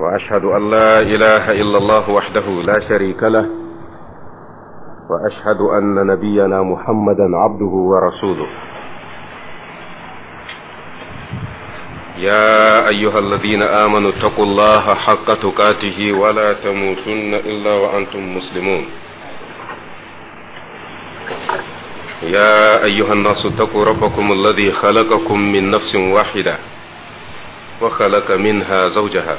واشهد ان لا اله الا الله وحده لا شريك له واشهد ان نبينا محمدا عبده ورسوله يا ايها الذين امنوا اتقوا الله حق تقاته ولا تموتن الا وانتم مسلمون يا أيها الناس اتقوا ربكم الذي خلقكم من نفس واحدة وخلق منها زوجها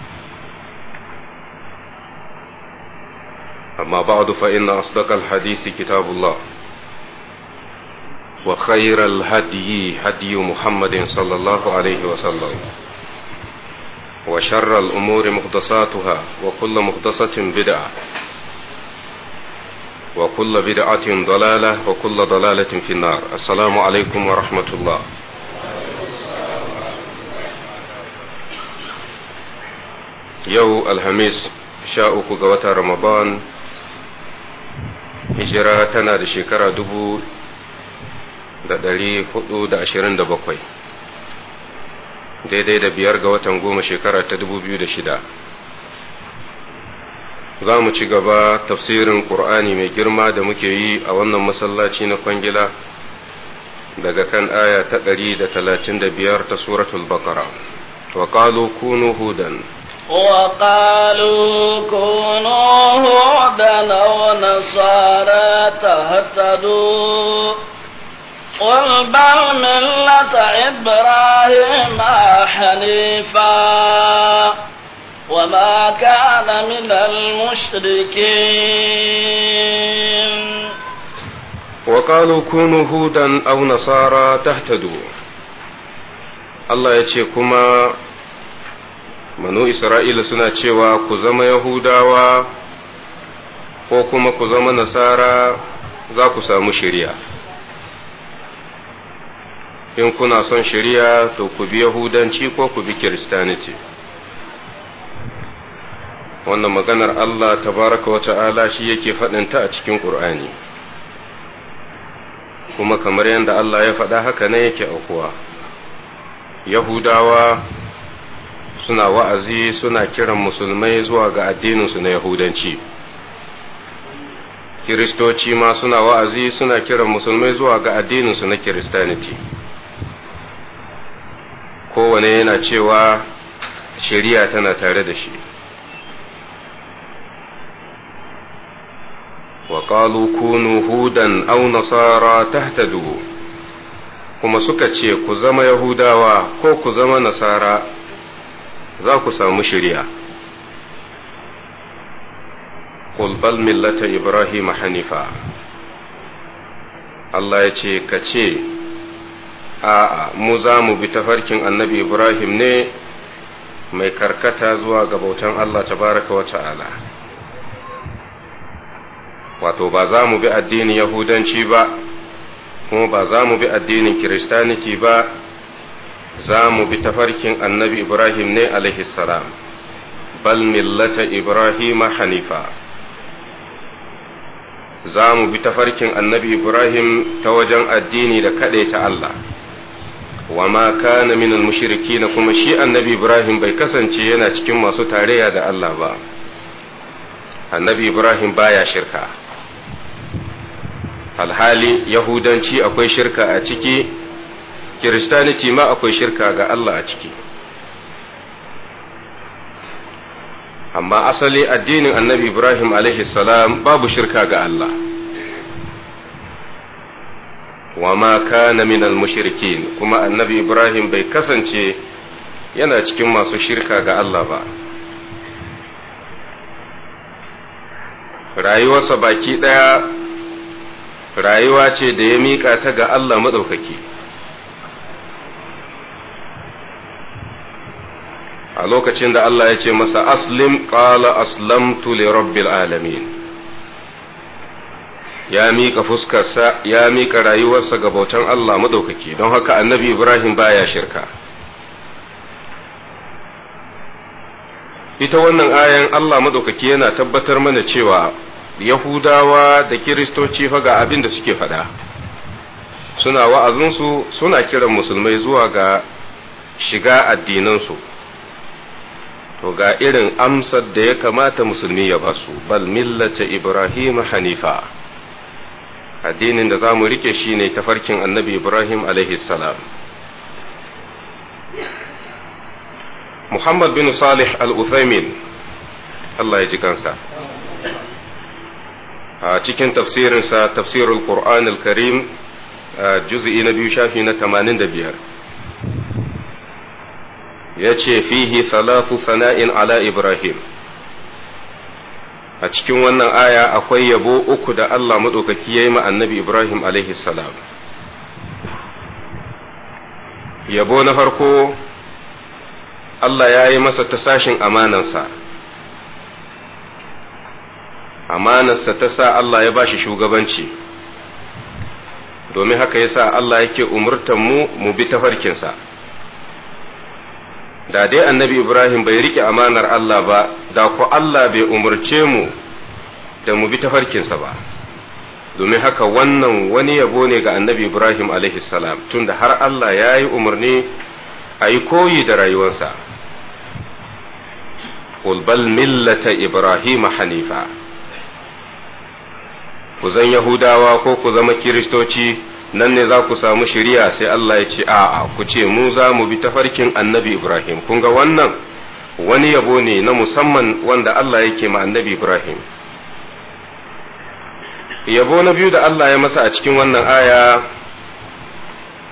أما بعد فإن أصدق الحديث كتاب الله وخير الهدي هدي محمد صلى الله عليه وسلم وشر الأمور مقدساتها وكل مقدسة بدعة وكل بدعة ضلالة وكل ضلالة في النار السلام عليكم ورحمة الله يو الهميس شاء قوة رمضان hijira tana da shekara dubu da ɗari hudu da ashirin da bakwai daidai da biyar ga watan goma shekara ta dubu biyu da shida za mu ci gaba tafsirin ƙur'ani mai girma da muke yi a wannan masallaci na kwangila daga kan aya ta ɗari da talatin da biyar ta suratul bakara wa kunu hudan وقالوا كونوا هودا أو نصارى تهتدوا قل بل ملة إبراهيم حنيفا وما كان من المشركين وقالوا كونوا هودا أو نصارى تهتدوا الله يتشيكما Manu isra'ila suna cewa ku zama yahudawa ko kuma ku zama nasara za ku samu shari'a in kuna son shari'a to ku bi yahudanci ko ku bi kiristaniti wannan maganar Allah tabaraka wa ta'ala shi yake faɗinta a cikin ƙur'ani kuma kamar yadda Allah ya faɗa haka ne yake akuwa yahudawa suna wa'azi suna kiran musulmai zuwa ga addininsu na yahudanci kiristoci ma suna wa'azi suna kiran musulmai zuwa ga addininsu na kiristaniti kowane yana cewa shari'a tana tare da shi وقالوا كونوا hudan أو نصارى تهتدوا kuma suka ce ku zama Yahudawa ko ku zama Nasara za ku samu shirya. qul bal millata ibrahim hanifa Allah ya ce ka ce a'a mu za mu bi tafarkin annabi ibrahim ne mai karkata zuwa ga bautan Allah tabaraka wa ta'ala wato ba za mu bi addinin yahudanci ba kuma ba za mu bi addinin kiristaniki ba za mu bi tafarkin annabi Ibrahim ne alaihi salam bal millata hanifa za mu bi tafarkin annabi Ibrahim ta wajen addini da kaɗai ta Allah wa ma kana minal na kuma shi annabi Ibrahim bai kasance yana cikin masu tarayya da Allah ba annabi Ibrahim baya shirka alhali yahudanci akwai shirka a ciki kiristaniti ma akwai shirka ga Allah a ciki amma asali addinin annabi ibrahim alaihi salam babu shirka ga Allah wama kana minal mushrikin kuma annabi ibrahim bai kasance yana cikin masu shirka ga Allah ba rayuwarsa baki ɗaya rayuwa ce da ya miƙa ta ga Allah maɗaukaki a lokacin da Allah ya ce masa aslim qala aslamtu li rabbil alamin ya miƙa fuskarsa ya miƙa rayuwarsa ga bautan Allah madaukaki don haka annabi Ibrahim baya shirka ita wannan ayan Allah madaukaki yana tabbatar mana cewa Yahudawa da Kiristoci fa ga abin da suke faɗa suna wa'azinsu suna kiran musulmai zuwa ga shiga addinansu to ga irin amsar da ya kamata musulmi ya basu bal millata ibrahim hanifa addinin da za mu rike shi ne tafarkin annabi ibrahim salam muhammad bin salih al-uthaymin allah ya ji kansa a cikin tafsirinsa tafsirul qur'an al-karim juz'i na biyu shafi na 85 ya ce fihi salatu sana'in ala Ibrahim. A cikin wannan aya akwai yabo uku da Allah maɗaukaki ya yi annabi Ibrahim alaihi salam. Yabo na farko, Allah ya yi masa ta sashin amanansa, amanarsa ta sa Allah ya ba shi shugabanci, domin haka ya sa Allah yake umurtan mu mu bi tafarkinsa. farkinsa. da dai annabi Ibrahim bai rike amanar Allah ba da ku Allah bai umarce mu da mu bi ta tafarkinsa ba domin haka wannan wani yabo ne ga annabi Ibrahim salam tunda har Allah ya yi umarni a yi koyi da rayuwarsa bal millata Ibrahim hanifa ku zan Yahudawa ko ku zama Kiristoci nan ne za ku samu shiriya sai Allah ya ce a'a ku ce mu za mu bi tafarkin annabi Ibrahim kun ga wannan wani yabo ne na musamman wanda Allah yake ma annabi Ibrahim yabo na biyu da Allah ya masa a cikin wannan aya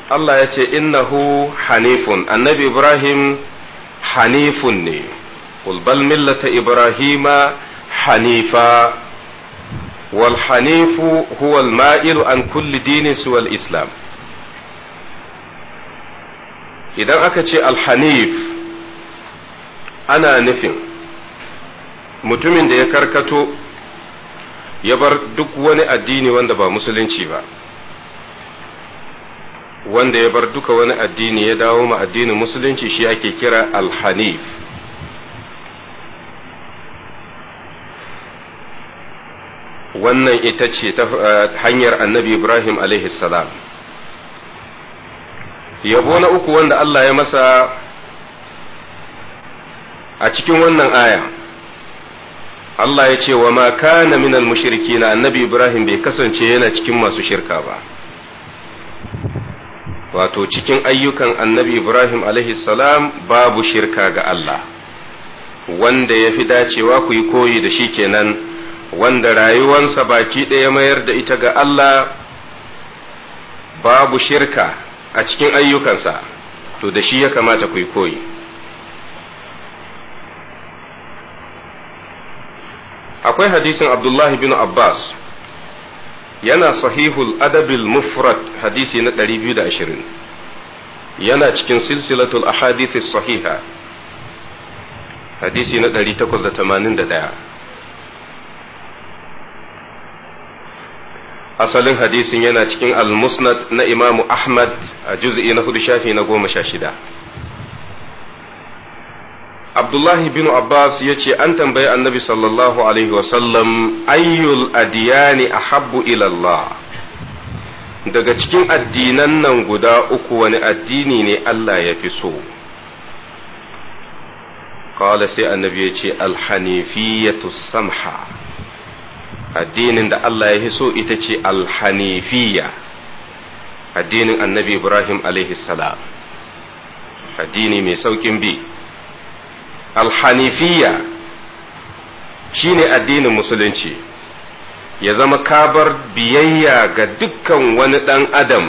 Allah ya ce innahu hanifun annabi Ibrahim hanifun ne qul bal millata ibrahima hanifa Walhanifu hanifu ma'ilu an kulli dinin suwal islam idan aka ce alhanif ana nufin mutumin da ya karkato ya bar duk wani addini wanda ba musulunci ba wanda ya bar duka wani addini ya dawo ma addinin musulunci shi ake kira alhanif. wannan ita ce ta eh, hanyar annabi Ibrahim alaihi salam. Yabo na uku wanda Allah ya masa a cikin wannan aya, Allah ya ce wa ma kana minal mushriki na annabi Ibrahim bai kasance yana cikin masu shirka ba. Wato cikin ayyukan annabi Ibrahim alaihi salam babu shirka ga Allah, wanda ya fi dacewa ku yi koyi da shi kenan. wanda rayuwansa baki ɗaya mayar da ita ga Allah babu shirka a cikin ayyukansa to da shi ya kamata ku koyi akwai hadisin abdullahi bin abbas yana sahihul adabil mufrad hadisi na 220 yana cikin silsilatul ahadithis sahiha hadisi na 881 asalin hadisin yana cikin al-musnad na imamu ahmad a juz'i na hudu shafi na goma sha shida abdullahi bin abbas ya ce an tambayi annabi sallallahu alaihi wasallam ayyul adiyani ahabbu ilallah daga cikin addinan nan guda uku wani addini ne allah ya fi so قال سي النبي الحنيفية السمحة addinin da Allah ya so ita ce alhanifiya addinin annabi Ibrahim salam addini mai saukin bi alhanifiya shine addinin musulunci ya zama kabar biyayya ga dukkan wani ɗan adam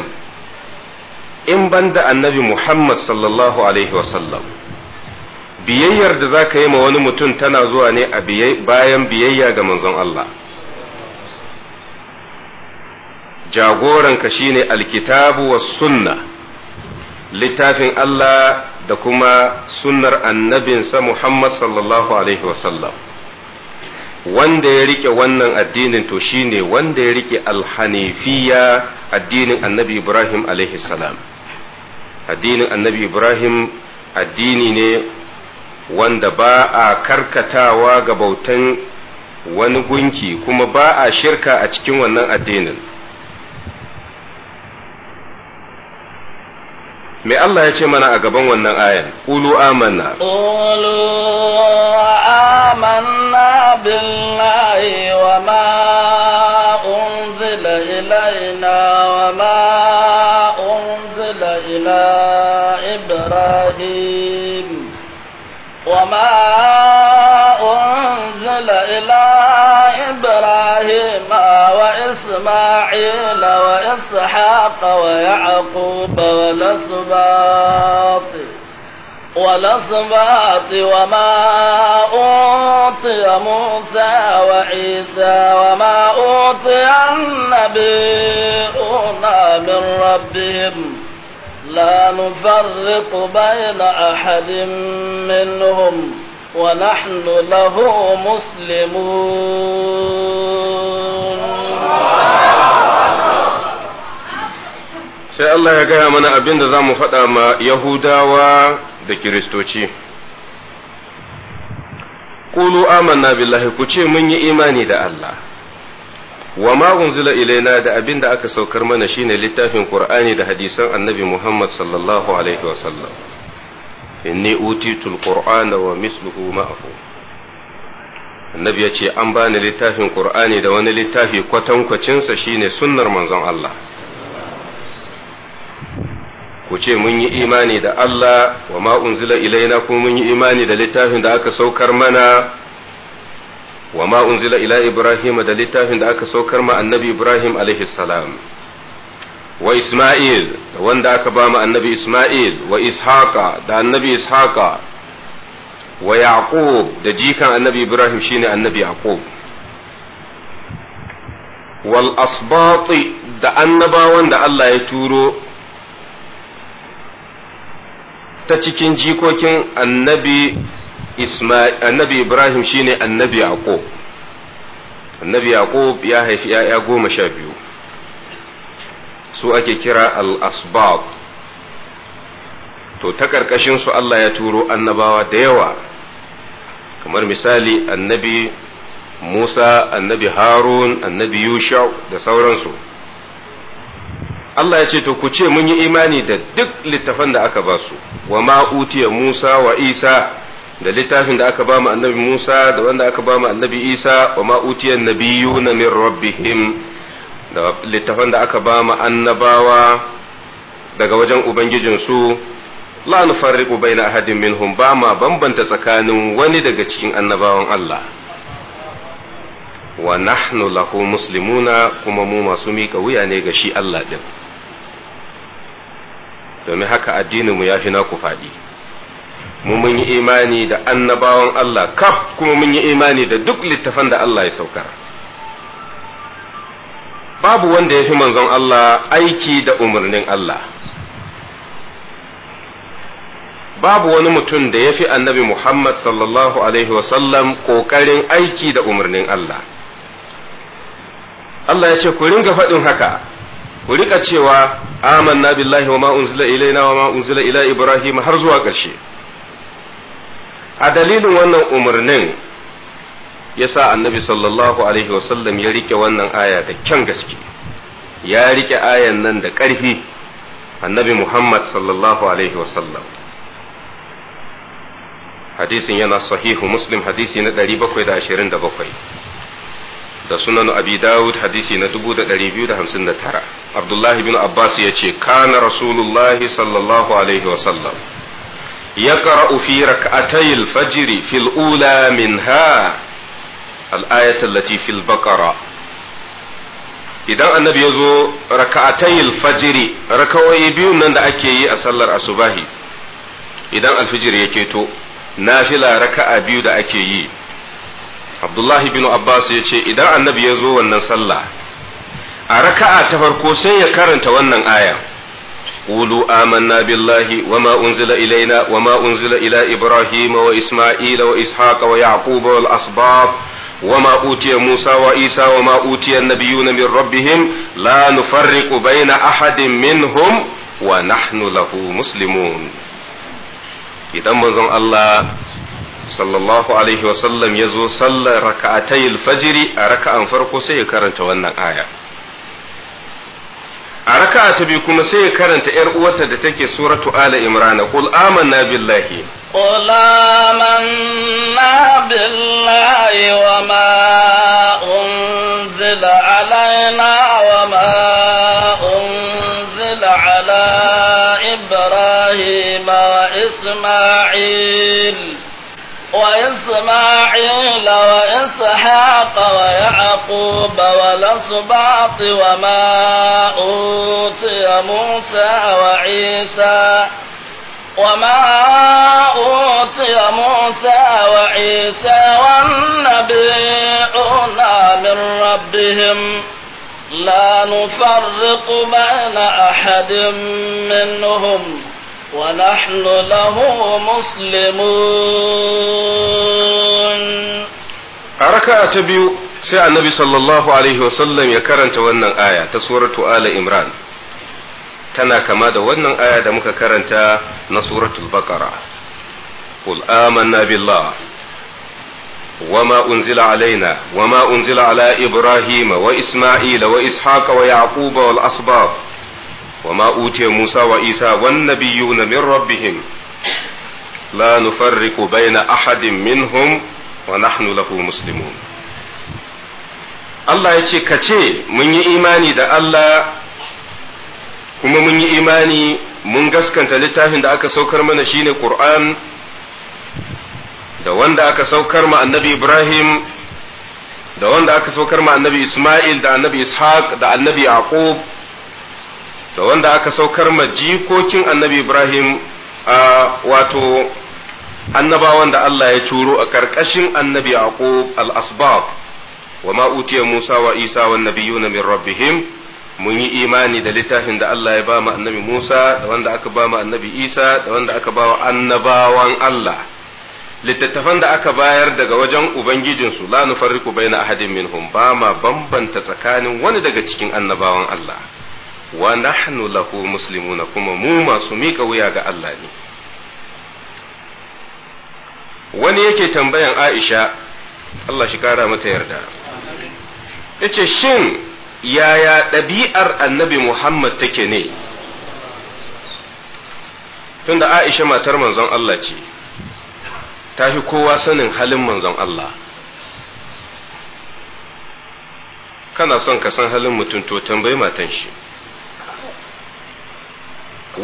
in banda annabi Muhammad sallallahu alaihi wasallam biyayyar da za ka yi ma wani mutum tana zuwa ne a bayan biyayya ga manzon Allah jagoranka shine alkitabu was sunna littafin Allah da kuma sunnar annabinsa Muhammad sallallahu alaihi wasallam wanda ya rike wannan addinin to shine wanda ya rike alhanifiya addinin annabi Ibrahim alaihi salam addinin annabi Ibrahim addini ne wanda ba a karkatawa ga bautan wani gunki kuma ba a shirka a cikin wannan addinin me Allah ya ce mana a gaban wannan ayan ulu amanna ulu amanna billahi wa ma unzila ilaina wa ma unzila ila ibrahim wa ma unzila ila ibrahim wa isma'il وإسماعيل وإسحاق ويعقوب والاصباط والاصباط وما أوتي موسى وعيسى وما أوتي النبيون من ربهم لا نفرق بين أحد منهم ونحن له مسلمون sai Allah ya gaya mana abin da za mu faɗa ma Yahudawa da Kiristoci. Kulu amanna billahi ku ce mun yi imani da Allah, wa ma unzila ilaina da abin da aka saukar mana shine littafin Kur'ani da hadisan annabi Muhammad sallallahu Alaihi wasallam. Inni utitul Qur'ana wa misluhu ma'ahu. Annabi ya ce an bani littafin ƙur'ani da wani littafi kwatankwacinsa shine sunnar manzon Allah. ku ce mun yi imani da Allah wa ma unzila ilaina kuma mun yi imani da littafin da aka saukar mana wa ma unzila ila Ibrahim da littafin da aka saukar ma annabi Ibrahim alaihi salam wa Isma'il da wanda aka ba mu annabi Isma'il wa Ishaqa da annabi Ishaqa wa Yaqub da jikan annabi Ibrahim shine annabi Yaqub wal asbati da annabawan da Allah ya turo ta cikin jikokin annabi annabi Ibrahim shine annabi Yaqub annabi Yaqub ya haifi ‘ya'ya goma sha biyu su ake kira al-asbab to ta su Allah ya turo annabawa da yawa kamar misali annabi Musa annabi Harun annabi Yusha da sauransu Allah ya ce to ku ce mun yi imani da duk littafan da aka ba su wa ma Musa wa Isa da littafin da aka ba mu annabi Musa da wanda aka ba mu annabi Isa wa ma utiya nabiyuna min rabbihim da littafan da aka ba mu annabawa daga wajen ubangijinsu la nufarriqu baina ahadin minhum ba ma bambanta tsakanin wani daga cikin annabawan Allah wa nahnu lahu muslimuna kuma mu masu mika wuya ne ga shi Allah ɗin domin haka mu ya fi naku faɗi mu mun yi imani da annabawan Allah kaf kuma mun yi imani da duk littafan da Allah ya saukar babu wanda ya fi manzon Allah aiki da umarnin Allah babu wani mutum da ya fi annabi Muhammad sallallahu Alaihi wasallam ƙoƙarin aiki da umarnin Allah. Allah ya ce ku ringa faɗin haka ku rika cewa amanna billahi wa ma unzila ilaina wa ma unzila ila ibrahim har zuwa ƙarshe a dalilin wannan umarnin ya sa annabi sallallahu alaihi wasallam ya rike wannan aya da kyan gaske ya rike ayan nan da ƙarfi annabi muhammad sallallahu alaihi wasallam hadisin yana sahihu muslim hadisi na 727 da sunan abi dawud hadisi na 2259 abdullahi bin abbas ya ce kana rasulullahi sallallahu alaihi sallam. ya ƙara'u fi rak'atayil fajiri fil ula minha al'ayatul lati fil baqara idan annabi ya zo raka'atayil fajiri biyun nan da ake yi a sallar asubahi idan alfijir ya to nafila raka'a biyu da ake yi abdullahi bin abbas ya ce idan annabi ya zo wannan sallah a raka'a ta farko sai ya karanta wannan aya qulu amanna billahi wama unzila ilaina wama la ila ibrahim wa isma'ila wa ishaqa wa yaqub wal asbab وما أوتي موسى وعيسى وما أوتي النبيون من ربهم لا نفرق بين أحد منهم ونحن له مسلمون إذا منظم الله sallallahu alaihi wasallam ya zo sallar raka'atayil fajiri a raka'an farko sai ya karanta wannan aya a raka'a ta biyu kuma sai ya karanta yar uwarta da take suratu ala imrana qul amanna billahi qul amanna billahi wa ma unzila alaina wa ma unzila ala ibrahima wa isma'il وإسماعيل وإسحاق ويعقوب والأسباط وما أوتي موسى وعيسى وما أوتي موسى وعيسى والنبيون من ربهم لا نفرق بين أحد منهم ونحن له مسلمون ركعة تبيو سي النبي صلى الله عليه وسلم يكرنت ونن آية تسورة آل إمران tana kama da wannan aya da muka karanta na suratul baqara qul amanna billah وما أنزل علينا وما أنزل على إبراهيم وإسماعيل وإسحاق ويعقوب والأسباط wa ma Musa wa Isa wan na min rabbihim la nufarriqu baina ahadin minhum wa nahnu lahu muslimun Allah ya ce ka ce mun yi imani da Allah kuma mun yi imani mun gaskanta littafin da aka saukar mana shine Qur'an da wanda aka saukar ma annabi Ibrahim da wanda aka saukar ma annabi Ismail da annabi Ishaq da annabi Yaqub da wanda aka saukar ma jikokin annabi Ibrahim a wato annabawan da Allah ya turo a ƙarƙashin annabi Yaqub al-Asbab wa ma utiya Musa wa Isa wan nabiyuna min rabbihim mun yi imani da littafin da Allah ya ba mu annabi Musa da wanda aka ba mu annabi Isa da wanda aka ba wa annabawan Allah littattafan da aka bayar daga wajen ubangijinsu la nufarriqu baina ahadin minhum ba ma bambanta tsakanin wani daga cikin annabawan Allah wa nahnu lahu muslimuna kuma mu masu miƙa wuya ga Allah ne wani yake tambayan Aisha Allah shi kara mata yarda yace shin yaya ɗabi'ar annabi Muhammad take ne tunda Aisha matar manzon Allah ce ta fi kowa sanin halin manzon Allah kana son ka san halin mutum to tambayi matan shi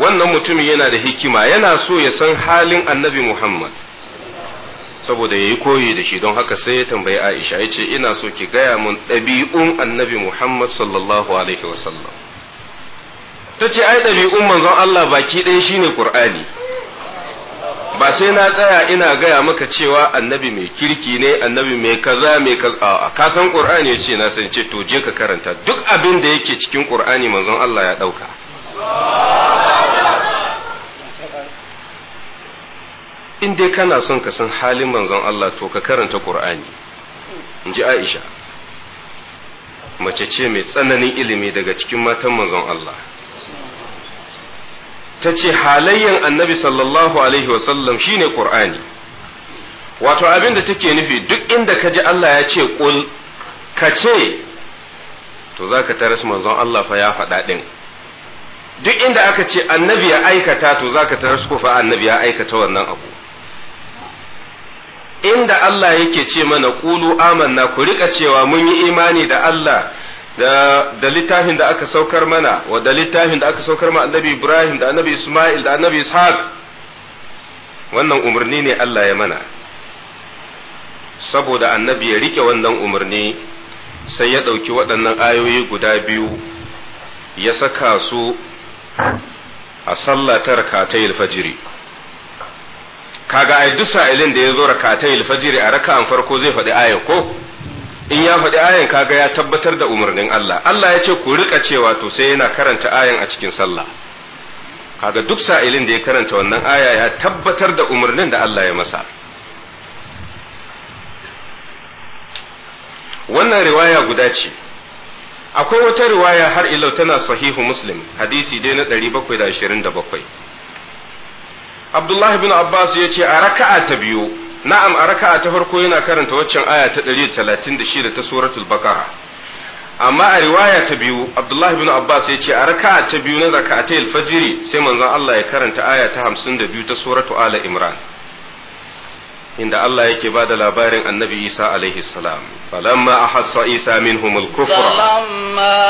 wannan mutumin yana da hikima yana so ya san halin annabi Muhammad saboda ya yi koyi da shi don haka sai ya tambayi Aisha ya ce ina so ki gaya mun ɗabi'un annabi Muhammad sallallahu alaihi wasallam ta ce ai ɗabi'un manzon Allah baki ɗaya shine Qur'ani ba sai na tsaya ina gaya maka cewa annabi mai kirki ne annabi mai kaza mai kaza ka san Qur'ani ya ce na san ce to je ka karanta duk abin da yake cikin Qur'ani manzon Allah ya ɗauka in dai kana son ka san halin manzon Allah to ka karanta Qur'ani in ji Aisha mace ce mai tsananin ilimi daga cikin matan manzon Allah ta ce halayyan annabi sallallahu alaihi wasallam shine Qur'ani wato abin da take nufi duk inda ka ji Allah ya ce kul ka ce to za ka taras manzon Allah fa ya faɗa ɗin duk inda aka ce annabi ya aikata to zaka tarar su fa annabi ya aikata wannan abu inda Allah yake ce mana ƙulu amanna ku rika cewa mun yi imani da Allah da littafin da aka saukar mana wa da littafin da aka saukar mana annabi Ibrahim da annabi Ismail da annabi Ishaq wannan umarni ne Allah ya mana saboda annabi ya rike wannan umarni sai ya ɗauki waɗannan ayoyi guda biyu ya saka su a sallah ta kaga ai duk sa'ilin da ya zo rakatai alfajiri a raka'an farko zai faɗi ayan ko in ya faɗi ayan kaga ya tabbatar da umarnin Allah Allah ya ce ku rika cewa to sai yana karanta ayan a cikin sallah kaga duk sa'ilin da ya karanta wannan aya ya tabbatar da umarnin da Allah ya masa wannan riwaya guda ce akwai wata riwaya har ilau tana sahihu muslim hadisi dai na 727 abdullah ibn abbas ya ce a raka'a ta biyu na'am a raka'a ta farko yana karanta waccan aya ta 136 ta suratul bakara amma a riwaya ta biyu abdullah ibn abbas ya ce a raka'a ta biyu na raka'atai alfajiri sai manzon Allah ya karanta aya ta 52 ta suratul ala imran inda Allah yake bada labarin annabi Isa alaihi salam falamma ahassa Isa minhum al kufra falamma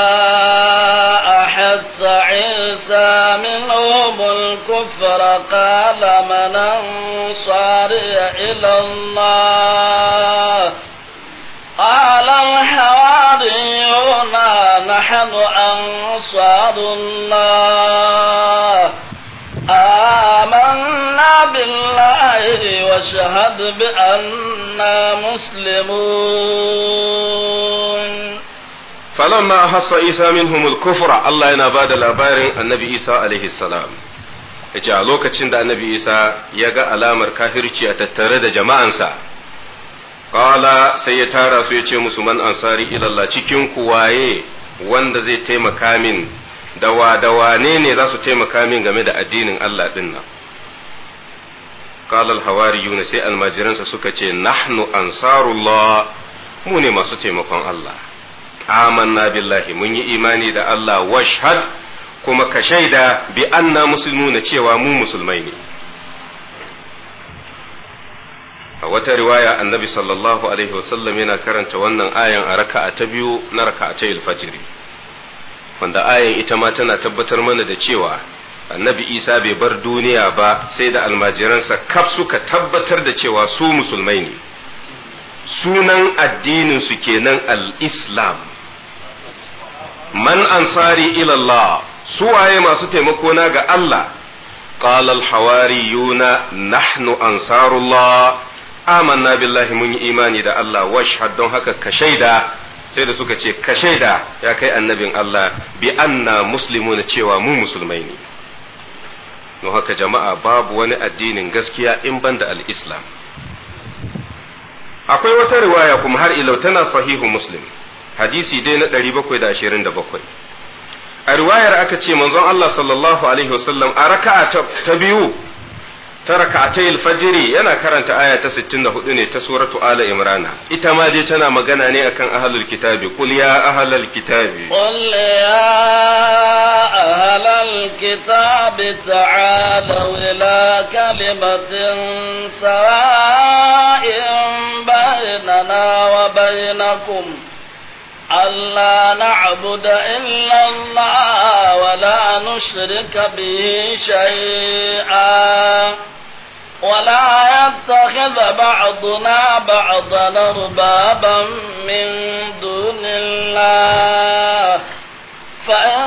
ahassa Isa minhum al kufra qala man ansari ila Allah qala al الحواريون nahnu ansaru Allah آمنا بالله واشهد بأننا مسلمون فلما أحس عيسى منهم الكفر الله ينباد الأبار النبي عيسى عليه السلام yace a lokacin da annabi isa ya ga alamar kafirci a tattare da jama'ansa kala sai ya tara su ya ce musu man ansari ilallah cikin kuwaye wanda zai taimaka min da wa da wane ne za su taimaka min game da addinin Allah ɗin nan kalal hawariyuna sai almajiransa suka ce nahnu ansarullah mu ne masu taimakon Allah amanna billahi mun yi imani da Allah washhad kuma ka shaida bi anna muslimuna cewa mu musulmai ne a wata riwaya annabi sallallahu alaihi wasallam yana karanta wannan ayan a raka'a ta biyu na ta fajiri wanda ayan ita ma tana tabbatar mana da cewa annabi isa bai bar duniya ba sai da almajiransa kaf suka tabbatar da cewa su musulmai ne sunan addinin addininsu kenan al-islam man ansari ilallah waye masu taimakona ga Allah قال الحواريون نحن أنصار الله آمنا بالله من Allah wash الله واشهد haka هكا كشيدا sai da suka ce ka shaida ya kai annabin Allah bi anna muslimuna cewa mu musulmai ne don haka jama'a babu wani addinin gaskiya in banda al-islam akwai wata riwaya kuma har ilau tana sahihu muslim hadisi dai na 727 a riwayar aka ce manzon Allah sallallahu alaihi wasallam a raka'a ta biyu ta raka'atai alfajiri yana karanta aya ta 64 ne ta suratu ala imrana ita ma dai tana magana ne akan ahlul kitabi qul ya ahlul kitabi qul ya ahlul kitabi ta'alu ila kalimatin sawa'in bainana wa bainakum ألا نعبد إلا الله ولا نشرك به شيئا ولا يتخذ بعضنا بعضا أربابا من دون الله فإن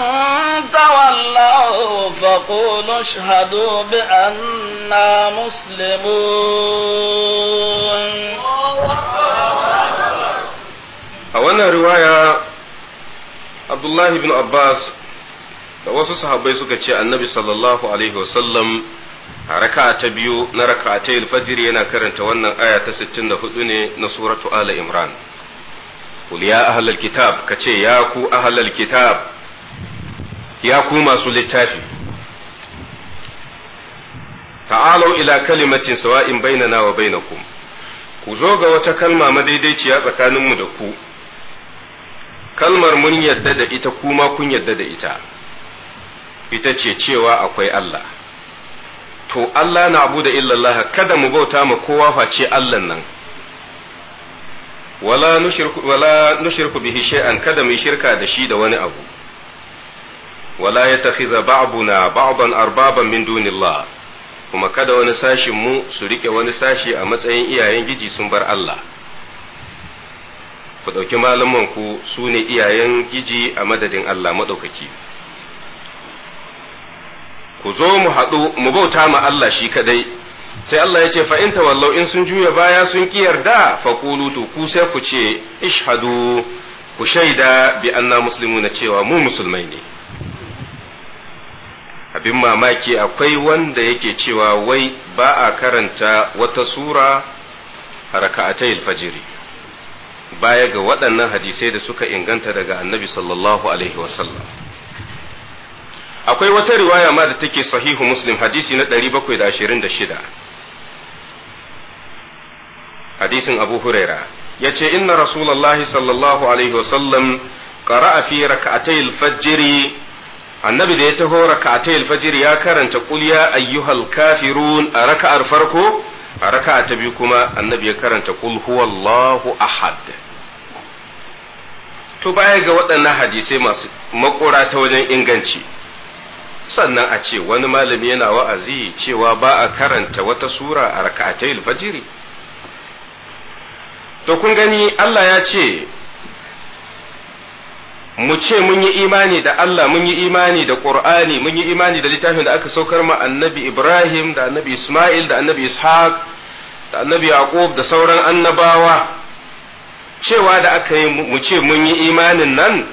تولوا فقولوا اشهدوا بأننا مسلمون a wannan riwaya abdullahi bin abbas da wasu sahabbai suka ce annabi sallallahu alaihi wasallam a raka ta biyu na raka ta fajiri yana karanta wannan aya ta 64 ne na suratu ala imran قل يا أهل الكتاب ya ku كو kitab ya ku masu wa سلتافي ila kalimatin sawa'in bainana wa bainakum ku zo ga wata kalma madaidaiciya tsakaninmu da ku kalmar mun yadda da ita kuma kun yadda da ita ita ce cewa akwai Allah to Allah na abu da illallah kada mu bauta ma kowa face Allah nan wala nushirku wala bihi shay'an kada mu shirka da shi da wani abu wala yatakhiza ba'duna ba'dan arbaban min dunillah kuma kada wani sashin mu su rike wani sashi a matsayin iyayen giji sun bar Allah ku ɗauki malamanku ku su ne iyayen giji a madadin Allah maɗaukaki ku zo mu haɗu mu bauta ma Allah shi kaɗai, sai Allah ya ce fa'in tawallau in sun juya baya sun ki yarda faƙulu to ku sai ku ce ishadu ku shaida bi anna na cewa mu musulmai ne abin mamaki akwai wanda yake cewa wai ba a karanta wata sura a raka'atai alfajiri baya ga waɗannan hadisai da suka inganta daga annabi sallallahu alaihi wasallam akwai wata riwaya ma da take sahihu muslim hadisi na 726 hadisin abu huraira ya ce inna rasulallahi sallallahu alaihi wasallam qara'a fi raka'atay al-fajr annabi da ya taho raka'atay al-fajr ya karanta qul ya ayyuhal kafirun a raka'ar farko a raka'a ta biyu kuma annabi ya karanta kul huwallahu ahad to baya ga waɗannan hadisai masu makura ta wajen inganci sannan a ce wani malami yana wa'azi cewa ba a karanta wata sura a raka'atai fajiri to kun gani Allah ya ce mu ce mun yi imani da Allah mun yi imani da Qur'ani mun yi imani da littafin da aka saukar ma annabi Ibrahim da annabi Ismail da annabi Ishaq da annabi Yaqub da sauran annabawa cewa da aka yi mu ce mun yi imanin nan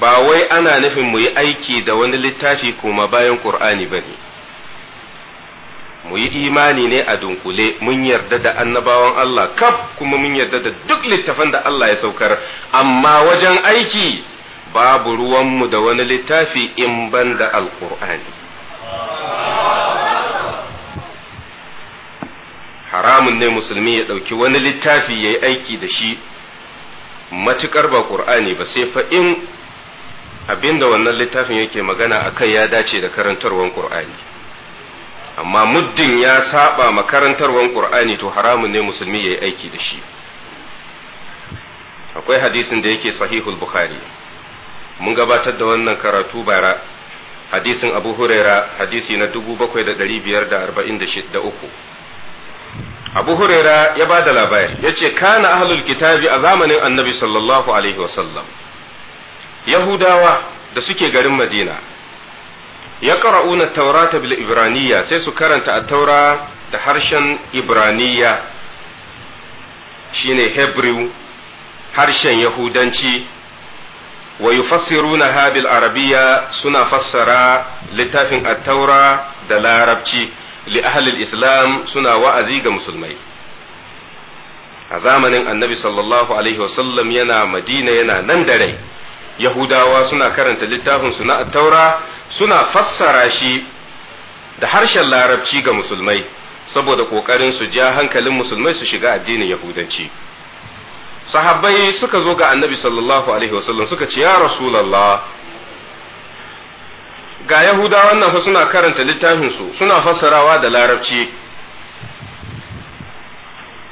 ba wai ana nufin mu yi aiki da wani littafi kuma bayan Qur'ani bane mu yi imani ne a dunkule mun yarda da annabawan Allah kaf kuma mun yarda da duk littafan da Allah ya saukar amma wajen aiki babu ruwanmu da wani littafi in ban da alkur'ani haramun ne musulmi ya ɗauki wani littafi ya yi aiki da shi matuƙar ba ƙur'ani ba sai fa in abinda wannan littafin yake magana a kai ya dace da karantarwar ƙur'ani amma muddin ya saba makarantarwan qur'ani to haramun ne musulmi yayi aiki da shi akwai hadisin da yake sahihul bukhari mun gabatar da wannan karatu bara hadisin abu huraira hadisi na 7543 abu huraira ya ba da labari ya ce kana ahlul kitabi a zamanin annabi sallallahu alaihi wasallam yahudawa da suke garin madina ya ƙara'una taurata bil ibraniya sai su karanta a taura da harshen ibraniya shine hebrew harshen yahudanci wa yufassiruna ha bil arabiya suna fassara littafin attaura taura da larabci li ahlil islam suna wa'azi ga musulmai a zamanin annabi sallallahu alaihi wasallam yana madina yana nan da rai yahudawa suna karanta littafin su na attaura taura suna fassara shi da harshen larabci ga musulmai saboda ƙoƙarin su ja hankalin musulmai su shiga addinin yahudanci sahabbai suka zo ga annabi sallallahu alaihi wasallam suka ce ya rasulallah ga Yahudawa nan fa suna karanta littafinsu suna fassarawa da larabci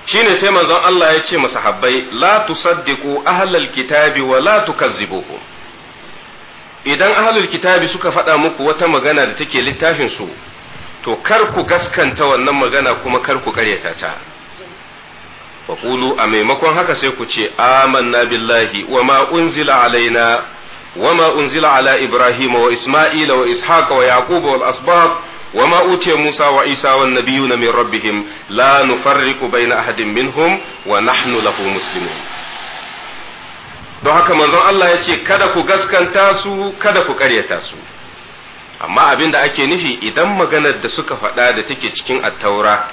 shine sai manzon Allah ya ce masahabbai la tusaddiqu ahlal kitabi wa la tukazzibuhum idan ahlul kitabi suka faɗa muku wata magana da take littafin su to kar ku gaskanta wannan magana kuma kar ku karyata ta faƙulu a maimakon haka sai ku ce amanna billahi wa ma unzila alaina wa ma unzila ala ibrahim wa isma'ila wa ishaqa wa yaquba wal asbab wa ma utiya musa wa isa wan nabiyuna min rabbihim la nufarriqu baina ahadin minhum wa nahnu lahu musulmi. don haka manzon Allah ya ce kada ku gaskanta su kada ku ƙaryata su amma abin da ake nufi idan maganar da suka faɗa da take cikin attaura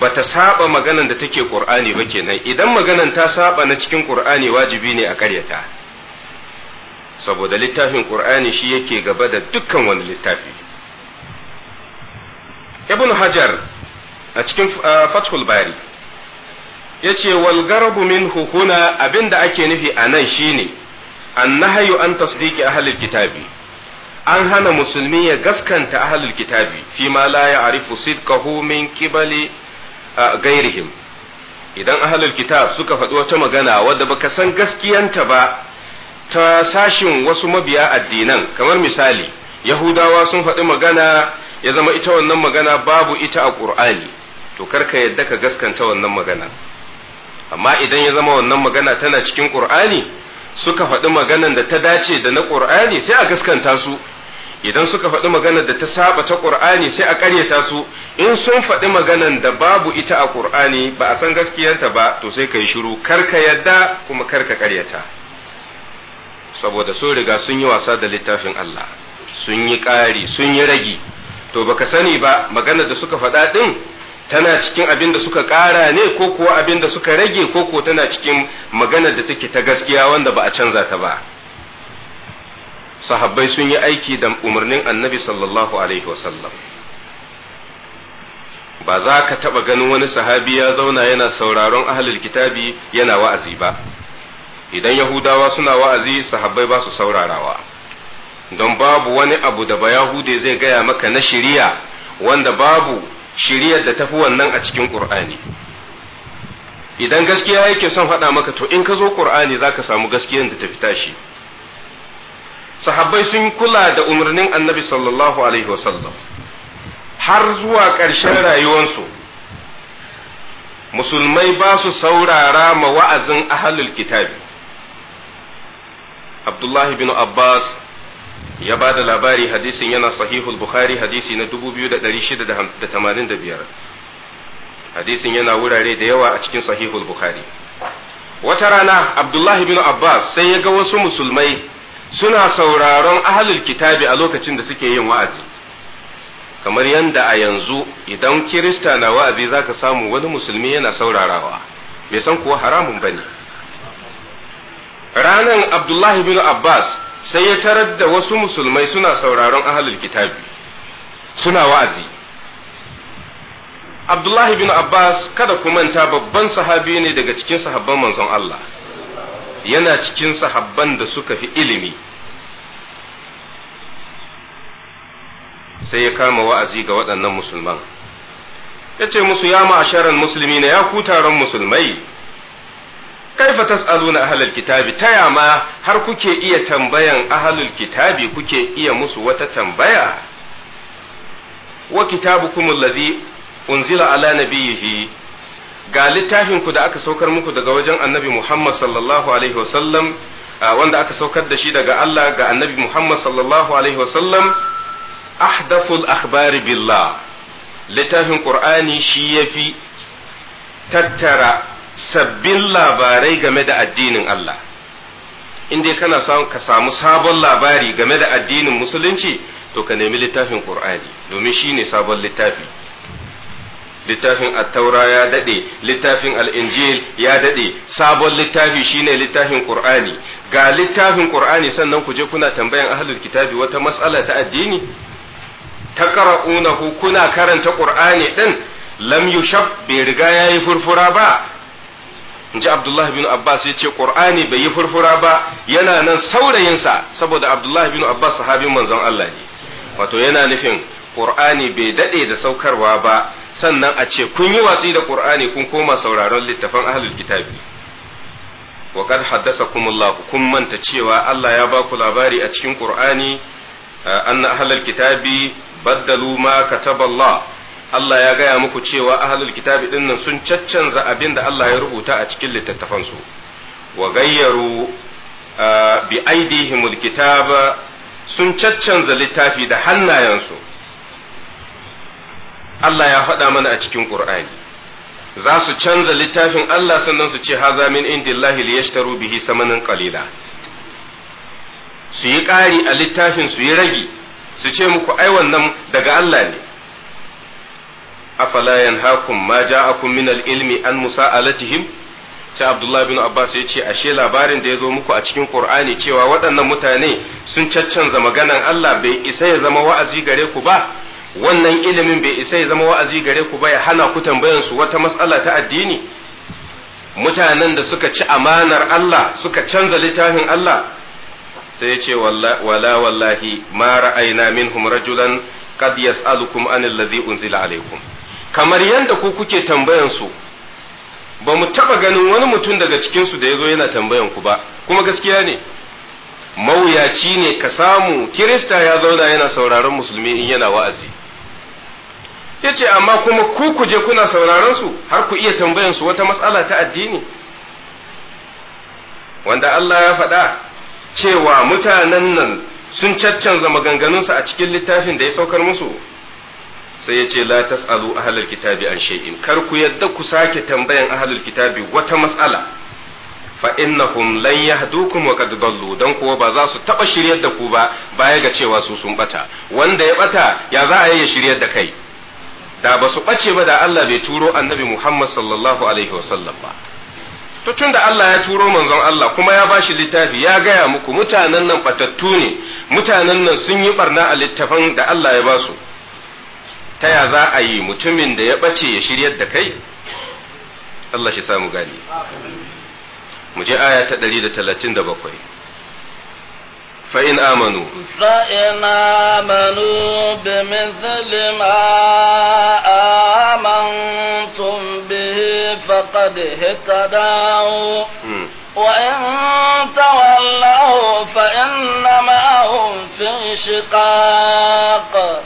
ba ta saba maganar da take ƙur'ani ba kenan idan maganar ta saba na cikin ƙur'ani wajibi ne a karyata, saboda littafin ƙur'ani shi yake gaba da dukkan wani littafi ibn hajar a cikin uh, fathul bari yace wal garbu huhuna abin abinda ake nufi a nan shine annahayu an tasdiqi ahlul kitabi an hana musulmi ya gaskanta ahlul kitabi fi ma la arifu sidqahu min gairihim idan ahlul kitab suka faɗi wata magana wadda baka san gaskiyanta ba ta sashin wasu mabiya addinan kamar misali yahudawa sun faɗi magana ya zama ita wannan magana babu ita a ƙur'ani to karka yadda ka gaskanta wannan magana amma idan ya zama wannan magana tana cikin ƙur'ani suka faɗi maganan da ta dace da na ƙur'ani sai a gaskanta su idan suka faɗi maganar da ta saba ta ƙur'ani sai a ƙaryata su in sun faɗi maganar da babu ita a ƙur'ani ba a san gaskiyarta ba to sai ka yi shiru kar ka yadda kuma kar ka ƙaryata saboda sun riga sun yi wasa da littafin Allah sun yi ƙari sun yi ragi to baka sani ba maganar da suka faɗa ɗin tana cikin abin da suka ƙara ne ko kuwa abin da suka rage ko kuwa tana cikin maganar da take ta gaskiya wanda ba a canza ta ba sahabbai sun yi aiki da umarnin annabi sallallahu alaihi wasallam ba za ka taɓa ganin wani sahabi ya zauna yana sauraron ahlul kitabi yana wa'azi ba idan yahudawa suna wa'azi sahabbai ba su saurarawa don babu wani abu da ba yahude zai gaya maka na shiriya wanda babu shiriyar da tafi wannan a cikin ƙur'ani idan gaskiya yake son faɗa maka to in ka zo za zaka samu gaskiyar da ta fita shi sahabbai sun kula da umarnin annabi sallallahu alaihi wasallam har zuwa ƙarshen rayuwarsu musulmai ba su saurara ma wa'azin ahalul kitabi abdullahi bin abbas ya ba da labari hadisin yana sahihul bukhari hadisi na 2685 hadisin yana wurare da yawa a cikin sahihul bukhari wata rana abdullahi bin abbas sai ya ga wasu musulmai suna sauraron ahalul kitabi a lokacin da suke yin wa'azi kamar yadda a yanzu idan kirista na wa'azi zaka samu wani musulmi yana saurarawa bai san kuwa haramun bane ranan abdullahi bin abbas sai ya tarar da wasu musulmai suna sauraron ahalul kitabi suna wa'azi Abdullahi bin Abbas kada ku manta babban sahabi ne daga cikin sahabban manzon Allah yana cikin sahabban da suka fi ilimi sai ya kama wa'azi ga waɗannan musulman ya ce musu ya ma'asharan musulmi na ya ku taron musulmai kaifa tas'aluna ahlal kitabi taya ma har kuke iya tambayan ahlul kitabi kuke iya musu wata tambaya wa kitabukum allazi unzila ala nabiyhi ga littafin ku da aka saukar muku daga wajen annabi Muhammad sallallahu alaihi wasallam wanda aka saukar da shi daga Allah ga annabi Muhammad sallallahu alaihi wasallam ahdathul akhbari billah littafin qur'ani shi yafi tattara sabbin labarai game da addinin Allah in dai kana son ka samu sabon labari game da addinin musulunci to ka nemi littafin Qur'ani domin shine sabon littafi littafin At-taura ya daɗe littafin Al-injil ya daɗe sabon littafi shine littafin Qur'ani ga littafin Qur'ani sannan ku je kuna tambayan ahlul kitabi wata matsala ta addini ta kuna karanta Qur'ani ɗin lam yushab bai riga yayi furfura ba ji abdullahi bin abbas ya ce qur'ani bai yi furfura ba yana nan saurayinsa saboda abdullahi bin abbas sahabin manzon allah ne wato yana nufin qur'ani bai daɗe da saukarwa ba sannan a ce kun yi watsi da qur'ani kun koma sauraron littafan ahlul kitabi wa qad haddathakum allah kun manta cewa allah ya ba ku labari a cikin qur'ani anna ahlul kitabi baddalu ma Allah ya gaya muku cewa ahlul kitabi dinnan sun caccanza abin da Allah ya rubuta a cikin littattafansu wa gayyaru bi aidihimul kitaba sun caccanza littafi da hannayensu Allah ya faɗa mana a cikin Qur'ani za su canza littafin Allah sannan su ce haza min indillahi liyashtaru bihi samanin qalila su yi ƙari a littafin su yi ragi su ce muku ai wannan daga Allah ne afala yanhaakum ma ja'akum min al-ilmi an musa'alatihim ta Abdullahi bin Abbas ya ce ashe labarin da ya zo muku a cikin Qur'ani cewa waɗannan mutane sun caccanza maganan Allah bai isa ya zama wa'azi gare ku ba wannan ilimin bai isa ya zama wa'azi gare ku ba ya hana ku tambayan su wata matsala ta addini mutanen da suka ci amanar Allah suka canza littafin Allah sai ce wala wallahi ma ra'ayna minhum rajulan qad al anil ladhi unzila alaykum kamar yadda ku kuke tambayan su ba mu taɓa ganin wani mutum daga cikinsu da ya zo yana tambayan ku ba kuma gaskiya ne mawuyaci ne ka samu kirista ya zauna yana sauraron musulmi in yana wa'azi ya ce amma kuma ku ku je kuna sauraron su har ku iya tambayan su wata matsala ta addini wanda Allah ya faɗa cewa mutanen nan sun caccanza maganganunsa a cikin littafin da ya saukar musu sai ya ce la tas'alu ahlal kitabi an shay'in kar ku yadda ku sake tambayan ahlul kitabi wata mas'ala fa innahum lan yahdukum wa qad dallu dan kuwa ba za su taba shiryar da ku ba baya ga cewa su sun bata wanda ya bata ya za a yi shiryar da kai da ba su bace ba da Allah bai turo annabi Muhammad sallallahu alaihi wasallam ba to tun da Allah ya turo manzon Allah kuma ya bashi littafi ya gaya muku mutanen nan batattu ne mutanen nan sun yi barna a littafan da Allah ya basu ta ya za a yi mutumin da ya ɓace ya shiryar da kai Allah shi samu gani mu je aya ta 137 فإن آمنوا فإن آمنوا بمثل ما آمنتم به فقد اهتدوا وإن تولوا فإنما هم في شقاق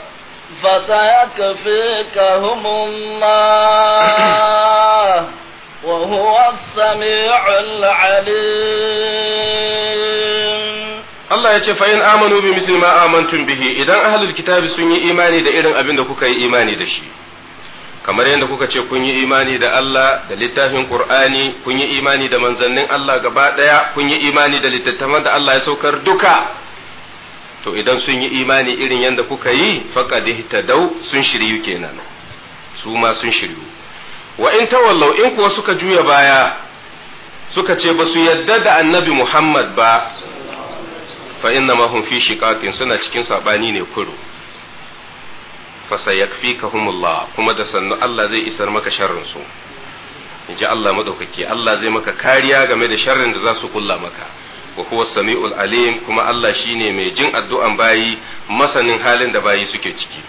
فسيكفيكهم الله وهو السميع العليم Allah ya ce fa in amanu bi misli ma amantum bihi idan ahlul kitabi sun yi imani da irin abin da kuka yi imani da shi kamar yadda kuka ce kun yi imani da Allah da littafin Qur'ani kun yi imani da manzannin Allah gaba daya kun yi imani da littattafan da Allah ya saukar duka to idan sun yi imani irin yadda kuka yi ta dau sun shiryu kenan su ma sun shiryu wa in tawallau in kuwa suka juya baya suka ce ba su yadda da annabi Muhammad ba fa inna ma hum fi shiqaqin suna cikin sabani ne kuro fa sayakfikahumullah kuma da sannu Allah zai isar maka sharrin su inji Allah madaukake Allah zai maka kariya game da sharrin da za su kulla maka wa huwa sami'ul alim kuma Allah shine mai jin addu'an bayi masanin halin da bayi suke ciki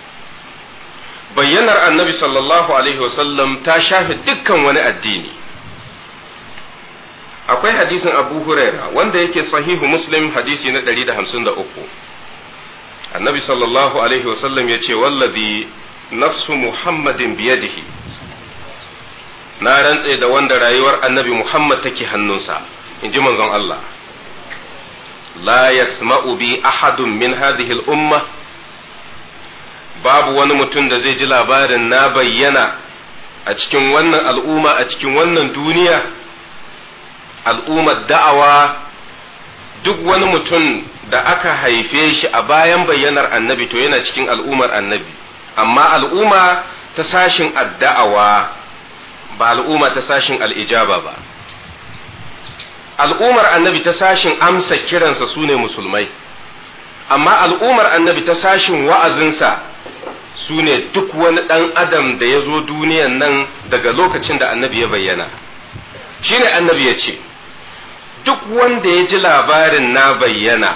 bayyanar annabi sallallahu alaihi wasallam ta shafe dukkan wani addini akwai hadisin abu huraira wanda yake sahihu muslim hadisi na 153 annabi sallallahu alaihi wasallam ya ce wallazi nafsu muhammadin biyadihi na rantse da wanda rayuwar annabi muhammad take hannunsa in ji manzon Allah لا يسمع بي ahadun min هذه umma babu wani mutum da zai ji labarin na bayyana a cikin wannan al'umma a cikin wannan duniya al'ummar da'awa duk wani mutum da aka haife shi a bayan bayyanar annabi to yana cikin al'ummar annabi amma al'umma ta sashin adda'awa ba al'umma ta sashin al'ijaba ba al'umar annabi ta sashin amsa kiransa su ne musulmai amma al'umar annabi ta sashin wa'azinsa su ne duk wani ɗan adam da ya zo duniyan nan daga lokacin da annabi ya bayyana shi ne annabi ya ce duk wanda ya ji labarin na bayyana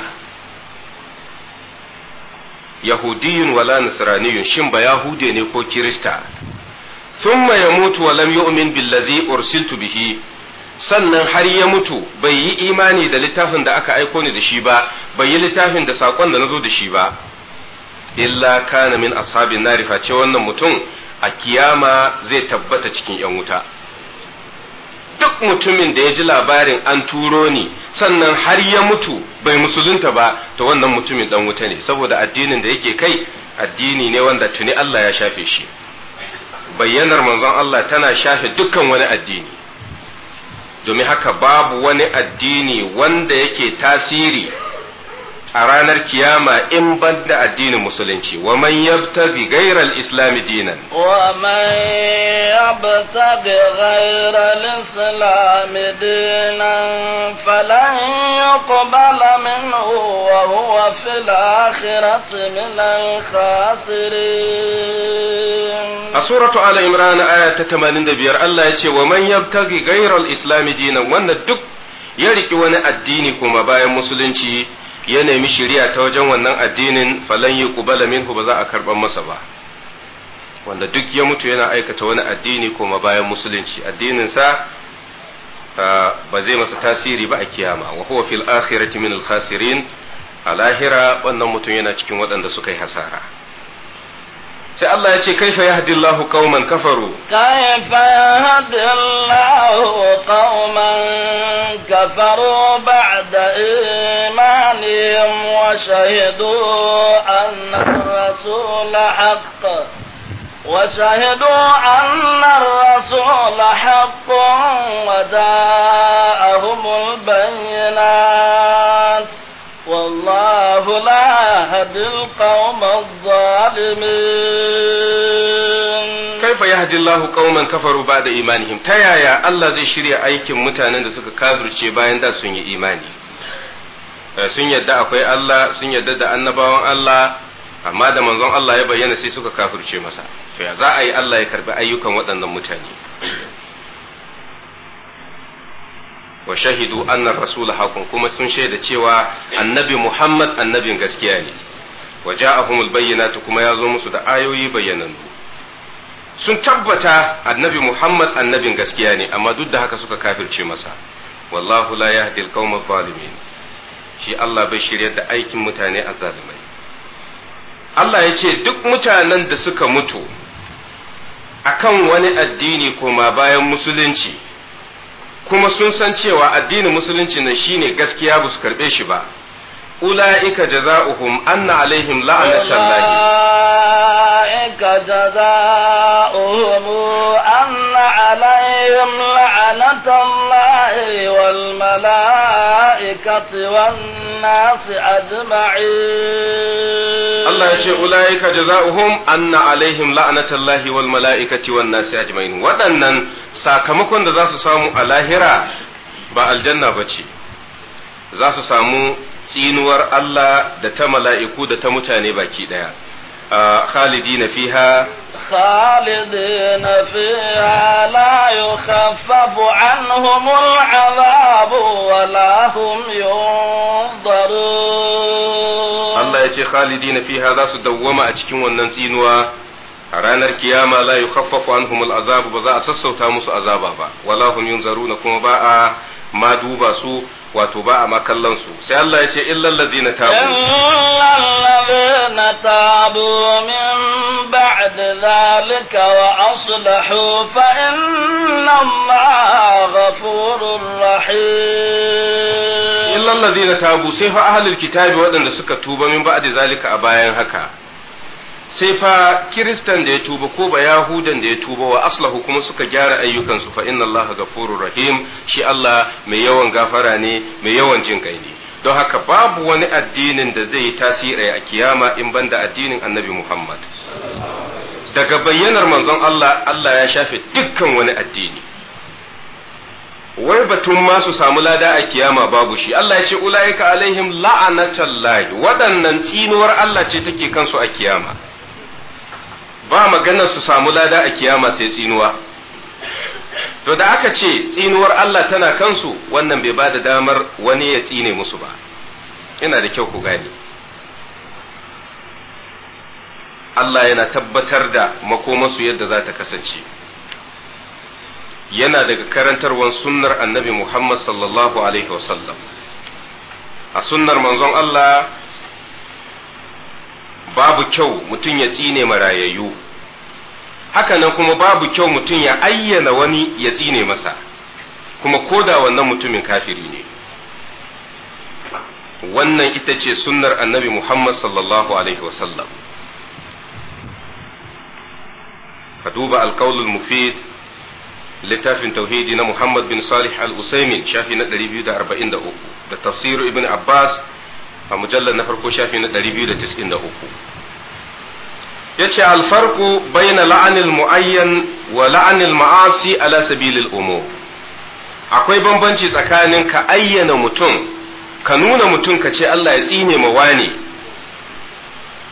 yahudiyun wala nasraniyun shin ba Yahudi ne ko kirista thumma mutu wa lam umin billazi ursiltu bihi sannan har ya mutu bai yi imani da littafin da aka aiko ni da shi ba bai yi littafin da saƙon da na zo da shi ba illa kana min ashabin nari face wannan mutum a kiyama zai tabbata cikin yan wuta duk mutumin da ya ji labarin an turo ni sannan har ya mutu bai musulunta ba to wannan mutumin dan wuta ne saboda addinin da yake kai addini ne wanda tuni Allah ya shafe shi bayyanar manzon Allah tana shafe dukkan wani addini domin haka babu wani addini wanda yake tasiri a ranar kiyama in ban da addinin musulunci wa man yabtaghi ghayra al islami dinan wa man yabtaghi ghayra al islami dinan falan ya kubala min huwa fil akhirati min al-khasirin a suratu ala imran aya ta 85 Allah ce wa man yabtaghi ghayra al islami dinan wanda duk ya riki wani addini kuma bayan musulunci ya nemi shiriya ta wajen wannan addinin falan yi kubala minhu ba za a karban masa ba wanda duk ya mutu yana aikata wani addini kuma bayan musulunci addininsa ah, ba zai masa tasiri ba a kiyama wa huwa fil akhirati min al khasirin a lahira wannan mutum yana cikin waɗanda suka yi hasara sai Allah ya ce kaifa yahdi Allahu qauman kafaru kaifa yahdi qauman kafaru ba'da بهم وشهدوا أن الرسول حق وشهدوا أن الرسول حق وجاءهم البينات والله لا يهدي القوم الظالمين كيف يهدي الله قوما كفروا بعد إيمانهم تيايا الله ذي شريع أيكم متانا سكا كافر شيباين دا سني إيماني Eh, sun yadda akwai Allah sun yadda da annabawan Allah amma da manzon Allah ya bayyana sai suka kafirce masa to ya za a yi Allah ya karbi ayyukan waɗannan mutane wa shahidu annar rasul hakun kuma sun shaida cewa annabi Muhammad annabin gaskiya ne wa ja'ahumul bayyinatu kuma ya zo musu da ayoyi bayyanannu sun tabbata annabi Muhammad annabin gaskiya ne amma duk da haka suka kafirce masa wallahu la yahdi al-qawma zalimin shi Allah bai shirya da aikin mutane a zalimai Allah ya ce duk mutanen da suka mutu akan wani addini koma bayan musulunci kuma sun san cewa addinin musulunci na shi ne gaskiya ba su karɓe shi ba أولئك جزاؤهم أن عليهم لعنة الله أولئك جزاؤهم أن عليهم لعنة الله والملائكة والناس أجمعين الله يقول أولئك جزاؤهم أن عليهم لعنة الله والملائكة والناس أجمعين ودنن ساكمكن ذا سامو الاهرة ba aljanna bace za su samu tsinuwar Allah da ta mala'iku da ta mutane baki ɗaya. خالدي فيها خالدين فيها لا يخفف عنهم العذاب ولا هم ينظرون الله يتي خالدين فيها ذا سدوما أتكين وننسينوا ranar kiyama لا يخفف عنهم العذاب ba za a sassauta musu azaba ba wala باء ما kuma ba a su wato ba a ma kallon su sai Allah ya ce illal ladzina tabu illal ladzina tabu min ba'd zalika wa aslihu fa inna Allaha ghafurur rahim illal ladzina tabu sai fa ahlul kitabi wadanda suka tuba min ba'd zalika a bayan haka sai fa kiristan da ya tuba ko ba yahudan da ya tuba wa aslahu kuma suka gyara ayyukansu fa inna allaha ghafurur rahim shi Allah mai yawan gafara ne mai yawan jin kai ne don haka babu wani addinin da zai yi tasiri a kiyama in banda addinin annabi Muhammad daga bayyanar manzon Allah Allah ya shafe dukkan wani addini wai batun ma su samu lada a kiyama babu shi Allah ya ce ula'ika alaihim la'anatallahi waɗannan tsinuwar Allah ce take kansu a kiyama ba maganar su samu lada a kiyama sai tsinuwa to da aka ce tsinuwar Allah tana kansu wannan bai ba da damar wani ya tsine musu ba yana da kyau ku gane Allah yana tabbatar da makomansu yadda za ta kasance yana daga karantarwar sunnar annabi Muhammad sallallahu alaihi wasallam a sunnar manzon Allah babu kyau mutum ya tsine marayayyu hakanan kuma babu kyau mutum ya ayyana wani ya tsine masa kuma koda wannan mutumin kafiri ne wannan ita ce sunnar annabi Muhammad sallallahu alaihi wasallam ka duba alkaulul mufid littafin tauhidi na Muhammad bin Salih al-Usaimin shafi na 243 da tafsiru ibn Abbas a mujallar na farko shafi na 293 alfarku bai na la'anil muayyan wa la'anil ma'asi ala sabilil umu akwai bambanci tsakanin ka ayyana mutum ka nuna mutum ka ce Allah ya tsine ma wani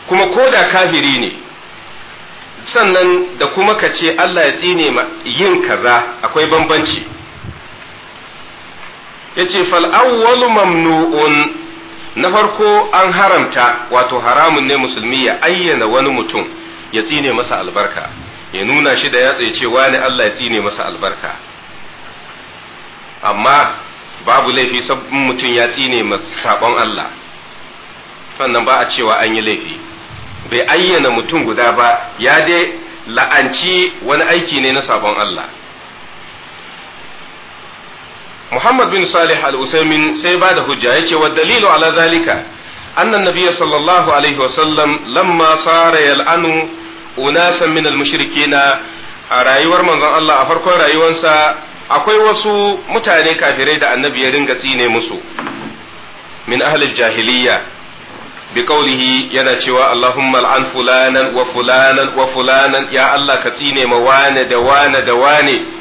kuma ko da kafiri ne sannan da kuma ka ce Allah ya tsine ma yin kaza akwai bambanci yace fal awwalu mamnu'un na farko an haramta wato haramun ne musulmi ya ayyana wani mutum ya tsine masa albarka ya nuna shi da yatsa ya ce wani Allah ya tsine masa albarka amma babu laifi sabbin mutum ya tsine sabon Allah sannan ba a cewa an yi laifi bai ayyana mutum guda ba ya dai la'anci wani aiki ne na sabon Allah Muhammad bin Salih al-Usaimin sai bada da hujja yake wa dalilu ala zalika annan nabiyyu sallallahu alaihi wa sallam lamma sara yal'anu unasan min al a rayuwar manzon Allah a farkon rayuwarsa akwai wasu mutane kafirai da annabi ya ringa tsine musu min ahli jahiliya bi qawlihi yana cewa Allahumma al'an fulanan wa fulanan wa fulanan ya Allah ka tsine ma wane da wane da wane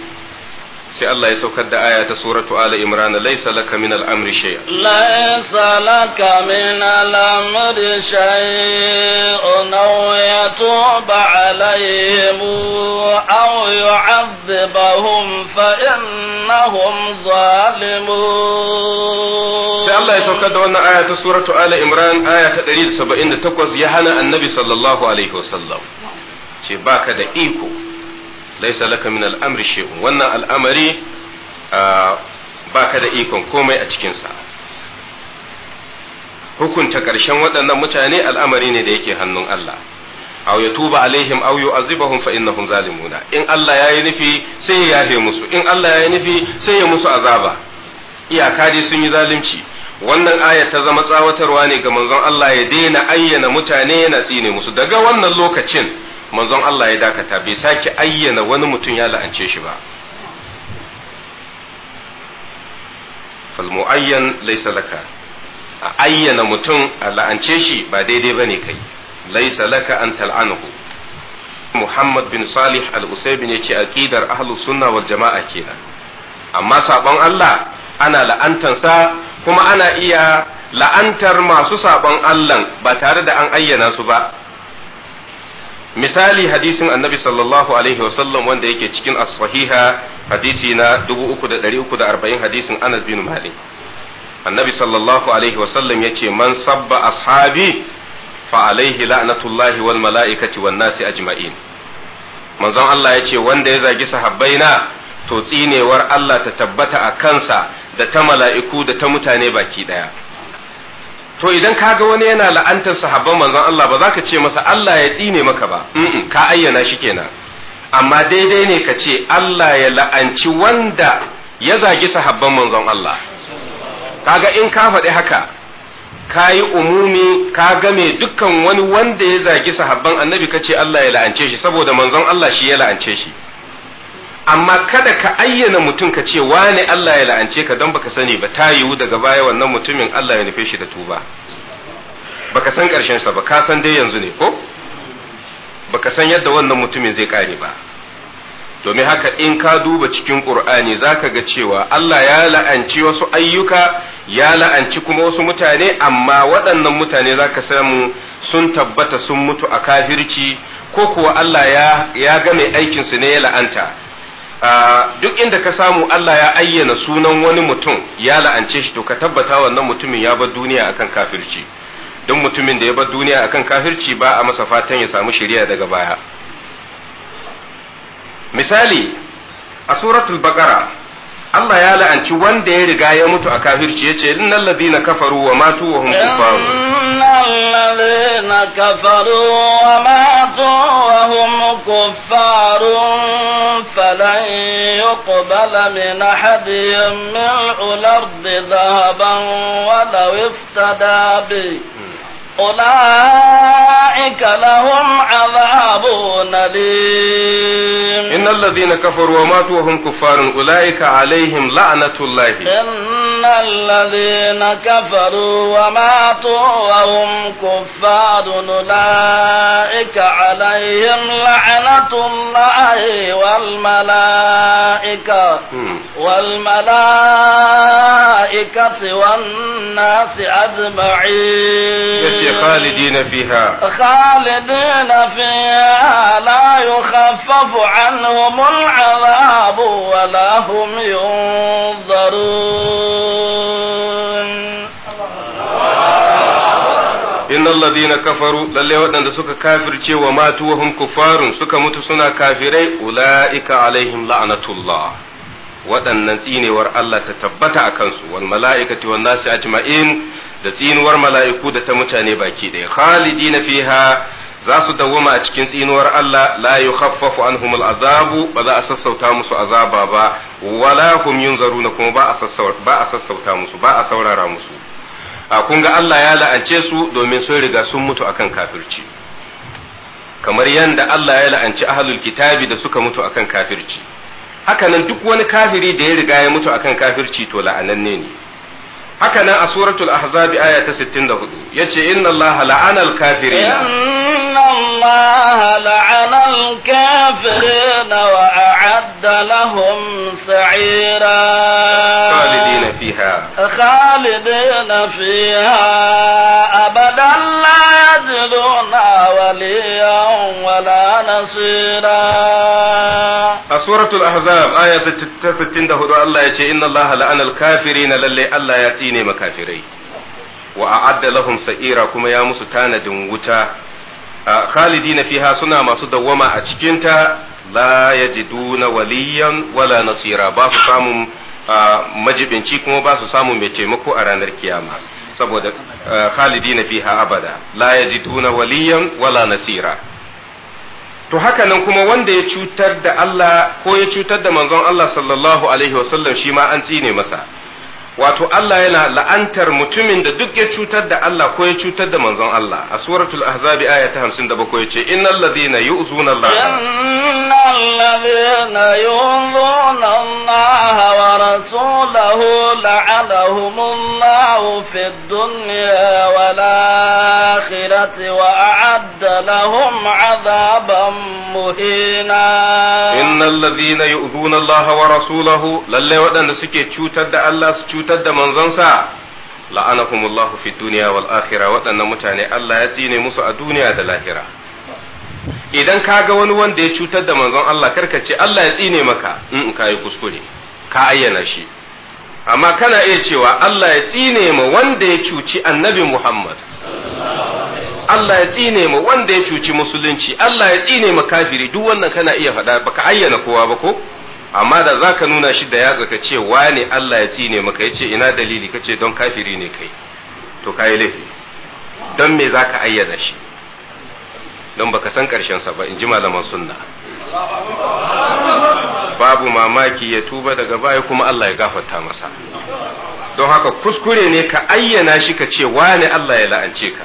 sai Allah ya saukar da aya ta suratu ala imran laysa laka min al-amri shay'a laysa laka min al-amri shay'un aw yatuba alayhim aw yu'adhibahum fa innahum zalimun sai Allah ya saukar da wannan aya ta suratu ala imran aya ta 178 ya hana annabi sallallahu alaihi wasallam ce baka da iko laisa laka min al'amri shay'un wannan al'amari baka da ikon komai a cikinsa hukunta ƙarshen waɗannan mutane al'amari ne da yake hannun Allah aw ya tuba alaihim aw yu'azibahum fa innahum zalimuna in Allah yayi nufi sai ya yafe musu in Allah yayi nufi sai ya musu azaba iyaka dai sun yi zalunci wannan aya ta zama tsawatarwa ne ga manzon Allah ya daina ayyana mutane yana tsine musu daga wannan lokacin manzon Allah ya dakata bai sake ayyana wani mutum ya la'ance shi ba falmu'ayyan laisa laka a ayyana mutum a la'ance shi ba daidai ba ne kai laisa laka an tal'anahu Muhammad bin Salih al-Usaimin ya ce aqidar ahlu sunna wal jama'a kenan amma saɓon Allah ana la'antansa kuma ana iya la'antar masu saɓon Allah ba tare da an ayyana su ba misali hadisin annabi sallallahu alaihi wasallam wanda yake cikin as-sahiha hadisi na 3340 hadisin Anas bin Malik annabi sallallahu alaihi wasallam yace man sabba ashabi fa alaihi la'natullahi wal mala'ikati wan nasi ajma'in manzon Allah yace wanda ya zagi sahabbaina to tsinewar Allah ta tabbata a kansa da ta mala'iku da ta mutane baki daya to idan ka ga wani yana la'antar sahabban manzon Allah ba za ka ce masa Allah ya tsine maka ba ka ayyana shi kenan amma daidai ne ka ce Allah ya la'anci wanda ya zagi sahabban manzon Allah Ka ga in ka faɗi haka ka yi umumi ka game dukkan wani wanda ya zagi sahabban annabi ka ce Allah ya la'ance shi saboda manzon Allah shi ya la'ance shi amma kada ka ayyana mutum ka ce wane Allah ya la'ance ka don baka sani ba ta yiwu daga baya wannan mutumin Allah ya nufe shi da tuba baka san karshen sa ba ka san dai yanzu ne ko baka san yadda wannan mutumin zai kare ba domin haka in ka duba cikin Qur'ani zaka ga cewa Allah ya la'anci wasu ayyuka ya la'anci kuma wasu mutane amma waɗannan mutane zaka samu sun tabbata sun mutu a kafirci ko kuwa Allah ya ya ga mai aikin su ne ya la'anta duk inda ka samu Allah ya ayyana sunan wani mutum ya la'ance shi to ka tabbata wannan mutumin ya bar duniya akan kafirci duk mutumin da ya bar duniya akan kafirci ba a masa fatan ya samu shari'a daga baya misali a suratul baqara Allah ya la'anci wanda ya riga ya mutu a kafirci ce innal ladina kafaru wa matu wa hum kuffar innal ladina kafaru wa matu wa hum kuffar falan yuqbala min ahadin min al dhahaban wa law iftada bihi hmm. أولئك لهم عذاب أليم إن الذين كفروا وماتوا وهم كفار أولئك عليهم لعنة الله إن الذين كفروا وماتوا وهم كفار أولئك عليهم لعنة الله والملائكة والملائكة والناس أجمعين ce khalidina fiha khalidina fiha la yukhaffafu anhum al'azab wa la hum yunzarun إن الذين كفروا للي ودن سكا كافر وماتوا وهم كفار سكا متو سنا أولئك عليهم لعنة الله waɗannan tsinewar Allah ta tabbata a kansu wal mala'ikati wan nasi ajma'in da tsinuwar mala'iku da ta mutane baki ɗaya khalidina fiha za su dawwama a cikin tsinuwar Allah la yukhaffafu anhum al'azabu ba za a sassauta musu azaba ba wala hum yunzaruna kuma ba a sassauta ba a sassauta musu ba a saurara musu a kun ga Allah ya la'ance su domin sun riga sun mutu akan kafirci kamar yadda Allah ya la'anci ahlul kitabi da suka mutu akan kafirci hakanan duk wani kafiri da ya riga ya mutu akan kafirci to la'ananne ne haka nan a suratul ahzab aya ta sittin 64 yace inna allaha la'ana al-kafirin إن الله لعن الكافرين وأعد لهم سعيرا خالدين فيها خالدين فيها أبدا لا يجدون وليا ولا نصيرا a suratul ahzab aya ta 64 Allah ya ce inna Allah la'ana al lalle Allah ya tsine makafirai wa a'adda lahum sa'ira kuma ya musu tanadin wuta Ah, khalidina fiha suna masu dawwama a cikinta la yajiduna waliyan wala nasira ba su samun ah, majibinci kuma ba su samun mai taimako a ranar kiyama saboda ah, khalidina fiha abada la yajiduna waliyan wala nasira to haka nan kuma wanda ya cutar da Allah ko ya cutar da manzon Allah sallallahu alaihi wasallam shi ma an tsine masa wato Allah yana la'antar mutumin da duk ya cutar da Allah ko ya cutar da manzon Allah a suratul ahzabi aya ta 57 yace innal ladhina yu'zuna Allah innal ladhina yu'zuna Allah wa rasulahu la'anahum Allah fid dunya wal akhirati wa a'adda lahum 'adaban muhina innal ladhina yu'zuna Allah wa rasulahu lalle waɗanda suke cutar da Allah su cutar da manzonsa la'anahumullahu fi duniya wal akhirah waɗannan mutane Allah ya tsine musu a duniya da lahira idan ka ga wani wanda ya cutar da manzon Allah karka ce Allah ya tsine maka in ka yi kuskure ka ayyana shi amma kana iya cewa Allah ya tsine ma wanda ya cuci annabi Muhammad Allah ya tsine ma wanda ya cuci musulunci Allah ya tsine ma kafiri duk wannan kana iya faɗa baka ayyana kowa ba ko amma da za ka nuna shi da yatsa ka ce wane Allah ya tsine maka ce ina dalili ka ce don kafiri ne kai to kai laifi don me zaka ayyana shi don baka san karshen sa ba in ji malaman sunna babu mamaki ya tuba daga baya kuma Allah ya gafarta masa don haka kuskure ne ka ayyana shi ka ce wane Allah ya la'ance ka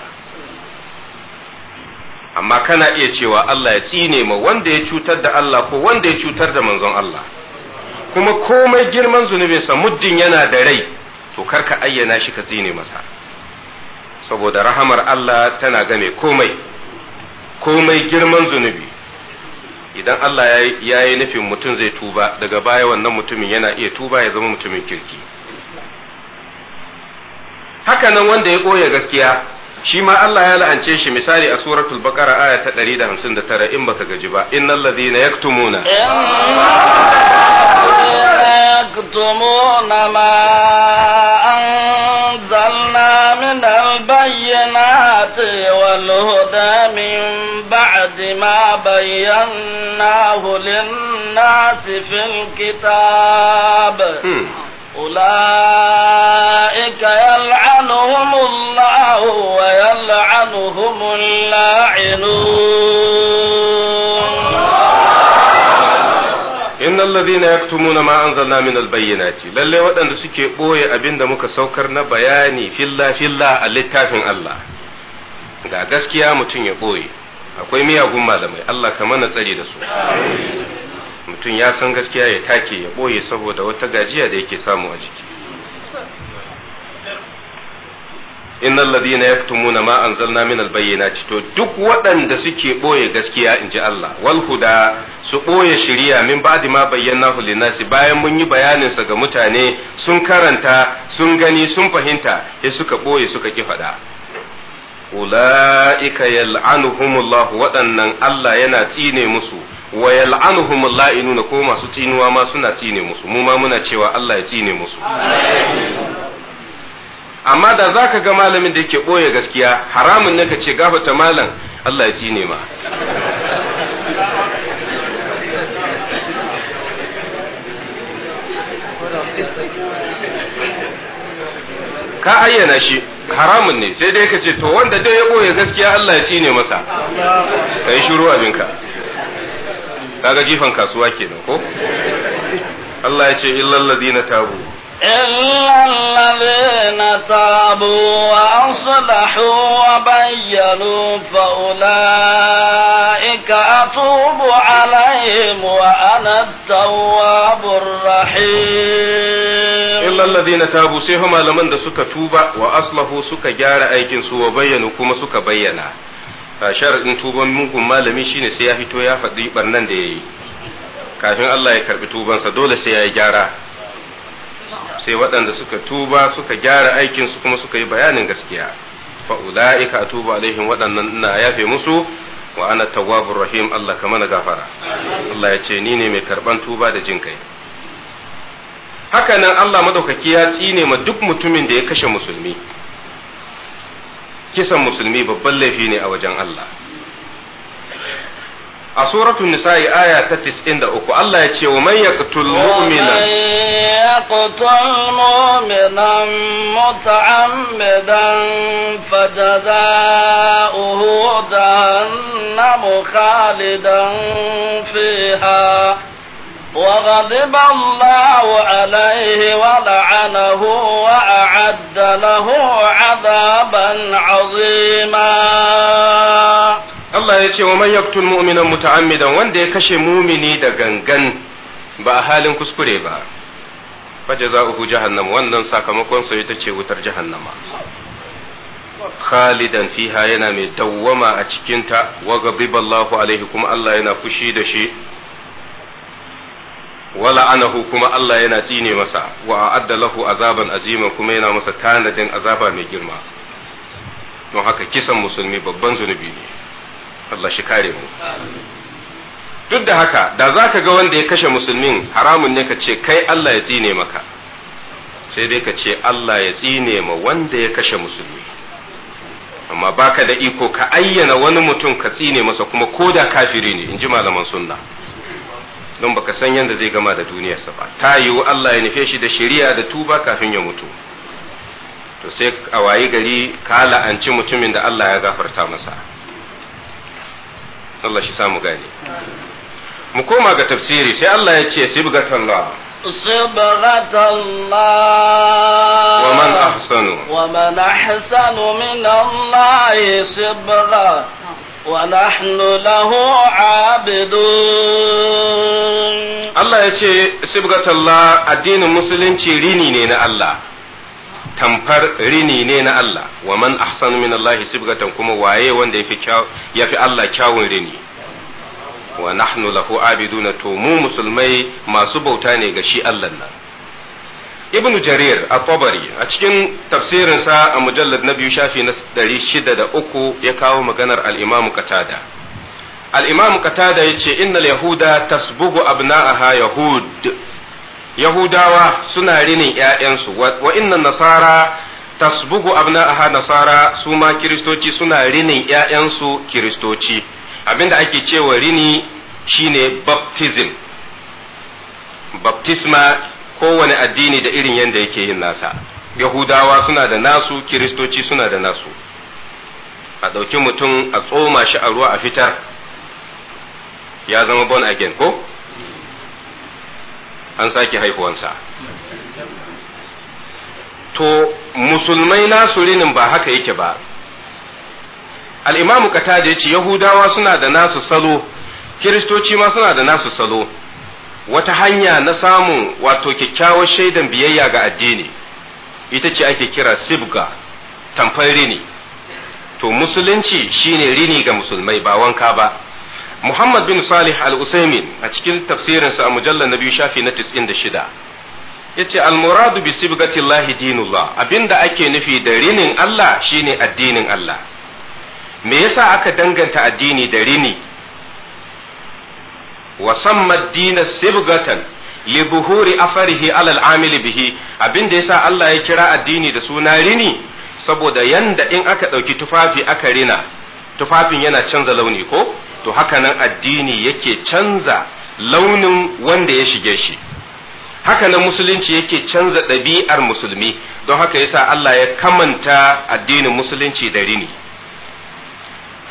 amma kana iya cewa Allah ya tsine ma wanda ya cutar da Allah ko wanda ya cutar da manzon Allah kuma komai girman sa muddin yana da rai to karka ayyana shi ka tsine masa saboda rahamar Allah tana game komai komai girman zunubi idan Allah ya yi nufin mutum zai tuba daga baya wannan mutumin yana iya tuba ya zama mutumin kirki haka nan wanda ya koya gaskiya shi ma Allah ya la'ance shi misali a suratul baqara aya ta 159 in baka gaji ba innal ladhina yaktumuna yaktumuna ma anzalna min al-bayyinati wal huda min ba'di ma bayyanahu lin-nasi fil kitab hmm. أولئك يلعنهم الله ويلعنهم اللاعنون إن الذين يكتمون ما أنزلنا من البينات للي ودن سكي بوي أبين دمك سوكرنا بياني في الله في الله اللتافن الله ga gaskiya mutum ya ɓoye akwai miyagun malamai Allah ka mana tsari da su mutum ya san gaskiya ya take ya ɓoye saboda wata gajiya da yake samu a jiki innal ladina yaktumuna ma anzalna min albayyinati to duk waɗanda suke ɓoye gaskiya inji Allah wal huda su ɓoye shiriya min ba'di ma bayyanahu linasi bayan mun yi bayanin sa ga mutane sun karanta sun gani sun fahimta sai suka ɓoye suka ki faɗa ula'ika yal'anuhumullahu waɗannan Allah yana tsine musu wa yal'anuhum la'inun ko masu tsinuwa ma suna tine musu mu ma muna cewa Allah ya tine musu amma da zaka ga malamin da yake boye gaskiya haramun ne ka ce gafata malam Allah ya tine ma ka ayyana shi haramun ne sai dai ka ce to wanda dai ya boye gaskiya Allah ya tine masa kai shiru abinka kaga jifan kasuwa kenan ko Allah ya ce ladina tabu ladina tabu wa aslahu wa bayyanu fa ulaika atubu alaihim wa ana at-tawwabur rahim tabu sai malaman da suka tuba wa aslahu suka gyara aikin su wa bayyanu kuma suka bayyana sharaɗin tuban mugun malami shine sai ya fito ya faɗi ɓarnan da ya yi kafin Allah ya karɓi tubansa dole sai ya yi gyara sai waɗanda suka tuba suka gyara aikinsu kuma suka yi bayanin gaskiya fa'ula'ika a tuba alaihim waɗannan ina yafe musu wa ana rahim Allah ka mana gafara Allah ya ce ni ne mai karɓan tuba da jin kai haka Allah madaukaki ya tsine ma duk mutumin da ya kashe musulmi kisan musulmi babban laifi ne a wajen Allah a suratun nisa'i aya ta tisin da uku Allah ya ce wa man yaqtul mu'mina yaqtul mu'minan muta'ammidan fajaza'uhu jahannamu khalidan fiha وغضب الله عليه ولعنه وأعد له عذابا عظيما Allah ya ce wa man yaktul mu'minan muta'ammidan wanda ya kashe mumini da gangan ba a halin kuskure ba fa jazaohu jahannam wannan sakamakonsa sa ita ce wutar jahannama khalidan fiha yana mai dawwama a cikin ta wa ghadiballahu alaihi kuma Allah yana fushi da shi wala anahu kuma Allah yana tsine masa wa a'adda lahu azaban azima kuma yana masa tanadin azaba mai girma don haka kisan musulmi babban zunubi ne Allah shi kare mu duk da haka da za ka ga wanda ya kashe musulmin haramun ne ka ce kai Allah ya tsine maka sai dai ka ce Allah ya tsine ma wanda ya kashe musulmi amma baka da iko ka ayyana wani mutum ka tsine masa kuma ko da kafiri ne in ji malaman sunna don baka san yadda zai gama da duniyarsa ba ta yiwu Allah ya nufe shi da shari'a da tuba kafin ya mutu to sai a wayi gari ka la'anci mutumin da Allah ya gafarta masa Allah shi samu gane mu koma ga tafsiri sai Allah ya ce sibgatallah صبغة الله ومن أحسن ahsanu min Allah sibra صبغة ونحن له عابدون Allah ya ce sibgatallah addinin musulunci rini ne na Allah tamfar rini ne na Allah wa man ahsanu min Allah sibgatan kuma waye wanda yafi yafi Allah kyawun rini wa nahnu lahu abiduna to mu musulmai masu bauta ne ga shi Allah nan ibnu jarir a tabari a cikin tafsirinsa a mujallad na biyu shafi na 603 ya kawo maganar al-imamu qatada al-imam katada yace innal yahuda tasbugu abna'aha yahud yahudawa suna rinin ƴaƴansu wa innan nasara tasbugu abna'aha nasara su ma kiristoci suna rinin 'ya'yansu kiristoci abinda ake cewa rini shine baptism baptisma kowane addini da irin yadda yake yin nasa yahudawa suna da nasu kiristoci suna da nasu a ɗauki mutum a tsoma shi a ruwa a fitar ya zama born again ko an sake haihuwansa to musulmai nasu rinin ba haka yake ba al'imamu kata ya ce yahudawa suna da nasu salo kiristoci ma suna da nasu salo wata hanya na samun wato kyakkyawar shaidan biyayya ga addini ita ce ake kira sibga tamfan rini to musulunci shine rini ga musulmai ba wanka ba Muhammad bin Salih al-Usaimin a cikin tafsirinsa a mujallar na biyu shafi na 96 yace ce almuradu bi sibgatillahi dinullah abinda ake nufi da rinin Allah shine addinin Allah me yasa aka danganta addini da rini Wasan samma sibgatan li buhuri afarihi alal amili bihi abinda yasa Allah ya kira addini da suna rini saboda yanda in aka ɗauki tufafi aka rina tufafin yana canza launi ko to haka nan addini yake canza launin wanda ya shige shi haka nan musulunci yake canza ɗabi'ar musulmi don haka yasa Allah ya kamanta addinin musulunci da rini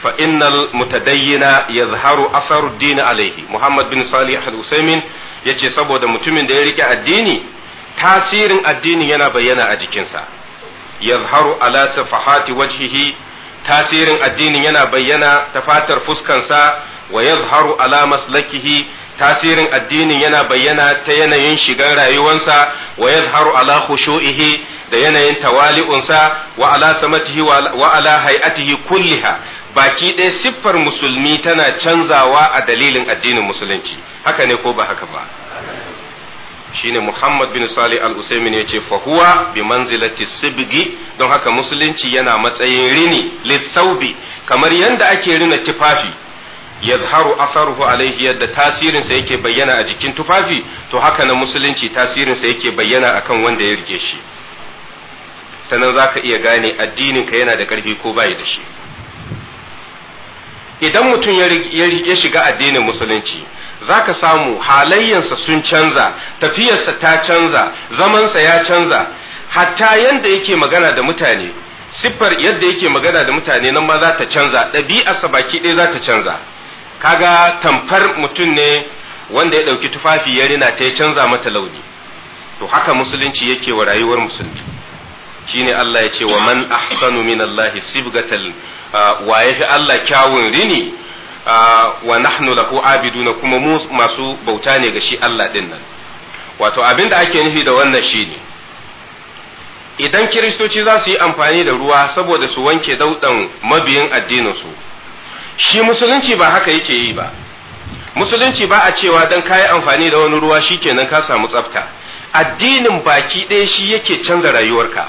fa innal mutadayyina yazharu atharu din alaihi Muhammad bin Salih al ya yace saboda mutumin da ya rike addini tasirin addini yana bayyana a jikinsa yazharu ala safahati wajhihi tasirin addinin yana bayyana ta fatar fuskansa wa yazharu ala maslakihi tasirin addinin yana bayyana ta yanayin shigar rayuwansa wa yazharu ala khushu'ihi da yanayin tawali'unsa wa ala samatihi wa ala hay'atihi kulliha baki ɗaya siffar musulmi tana canzawa a dalilin addinin musulunci haka ne ko ba haka ba shine Muhammad bin Salih al-Usaimin yace fa huwa bi manzilati sibgi don haka musulunci yana matsayin rini lithaubi kamar yanda ake rina tufafi yadharu atharuhu alayhi yadda tasirin sa yake bayyana a jikin tufafi to haka na musulunci tasirin sa yake bayyana akan wanda ya rike shi ta zaka iya gane addinin ka yana da karfi ko bai da shi idan mutum ya shiga addinin musulunci za ka samu halayyansa sun canza tafiyarsa ta canza zamansa ya canza hatta yadda yake magana da mutane siffar yadda yake magana da mutane nan ma za ta canza ɗabi'arsa baki ɗaya za ta canza kaga tamfar mutum ne wanda ya ɗauki tufafi ya rina ta ya canza mata launi to haka musulunci yake wa rayuwar musulmi shine Allah ya ce wa man ahsanu min Allah sibgatal uh, wa yafi Allah kyawun rini wa nahnu lahu abiduna kuma mu masu bauta ne ga shi Allah din nan wato abin da ake nufi da wannan shine idan kiristoci za su yi amfani da ruwa saboda su wanke daudan mabiyin addinin su shi musulunci ba haka yake yi ba musulunci ba a cewa dan kayi amfani da wani ruwa shikenan ka samu tsafta addinin baki ɗaya shi yake canza rayuwarka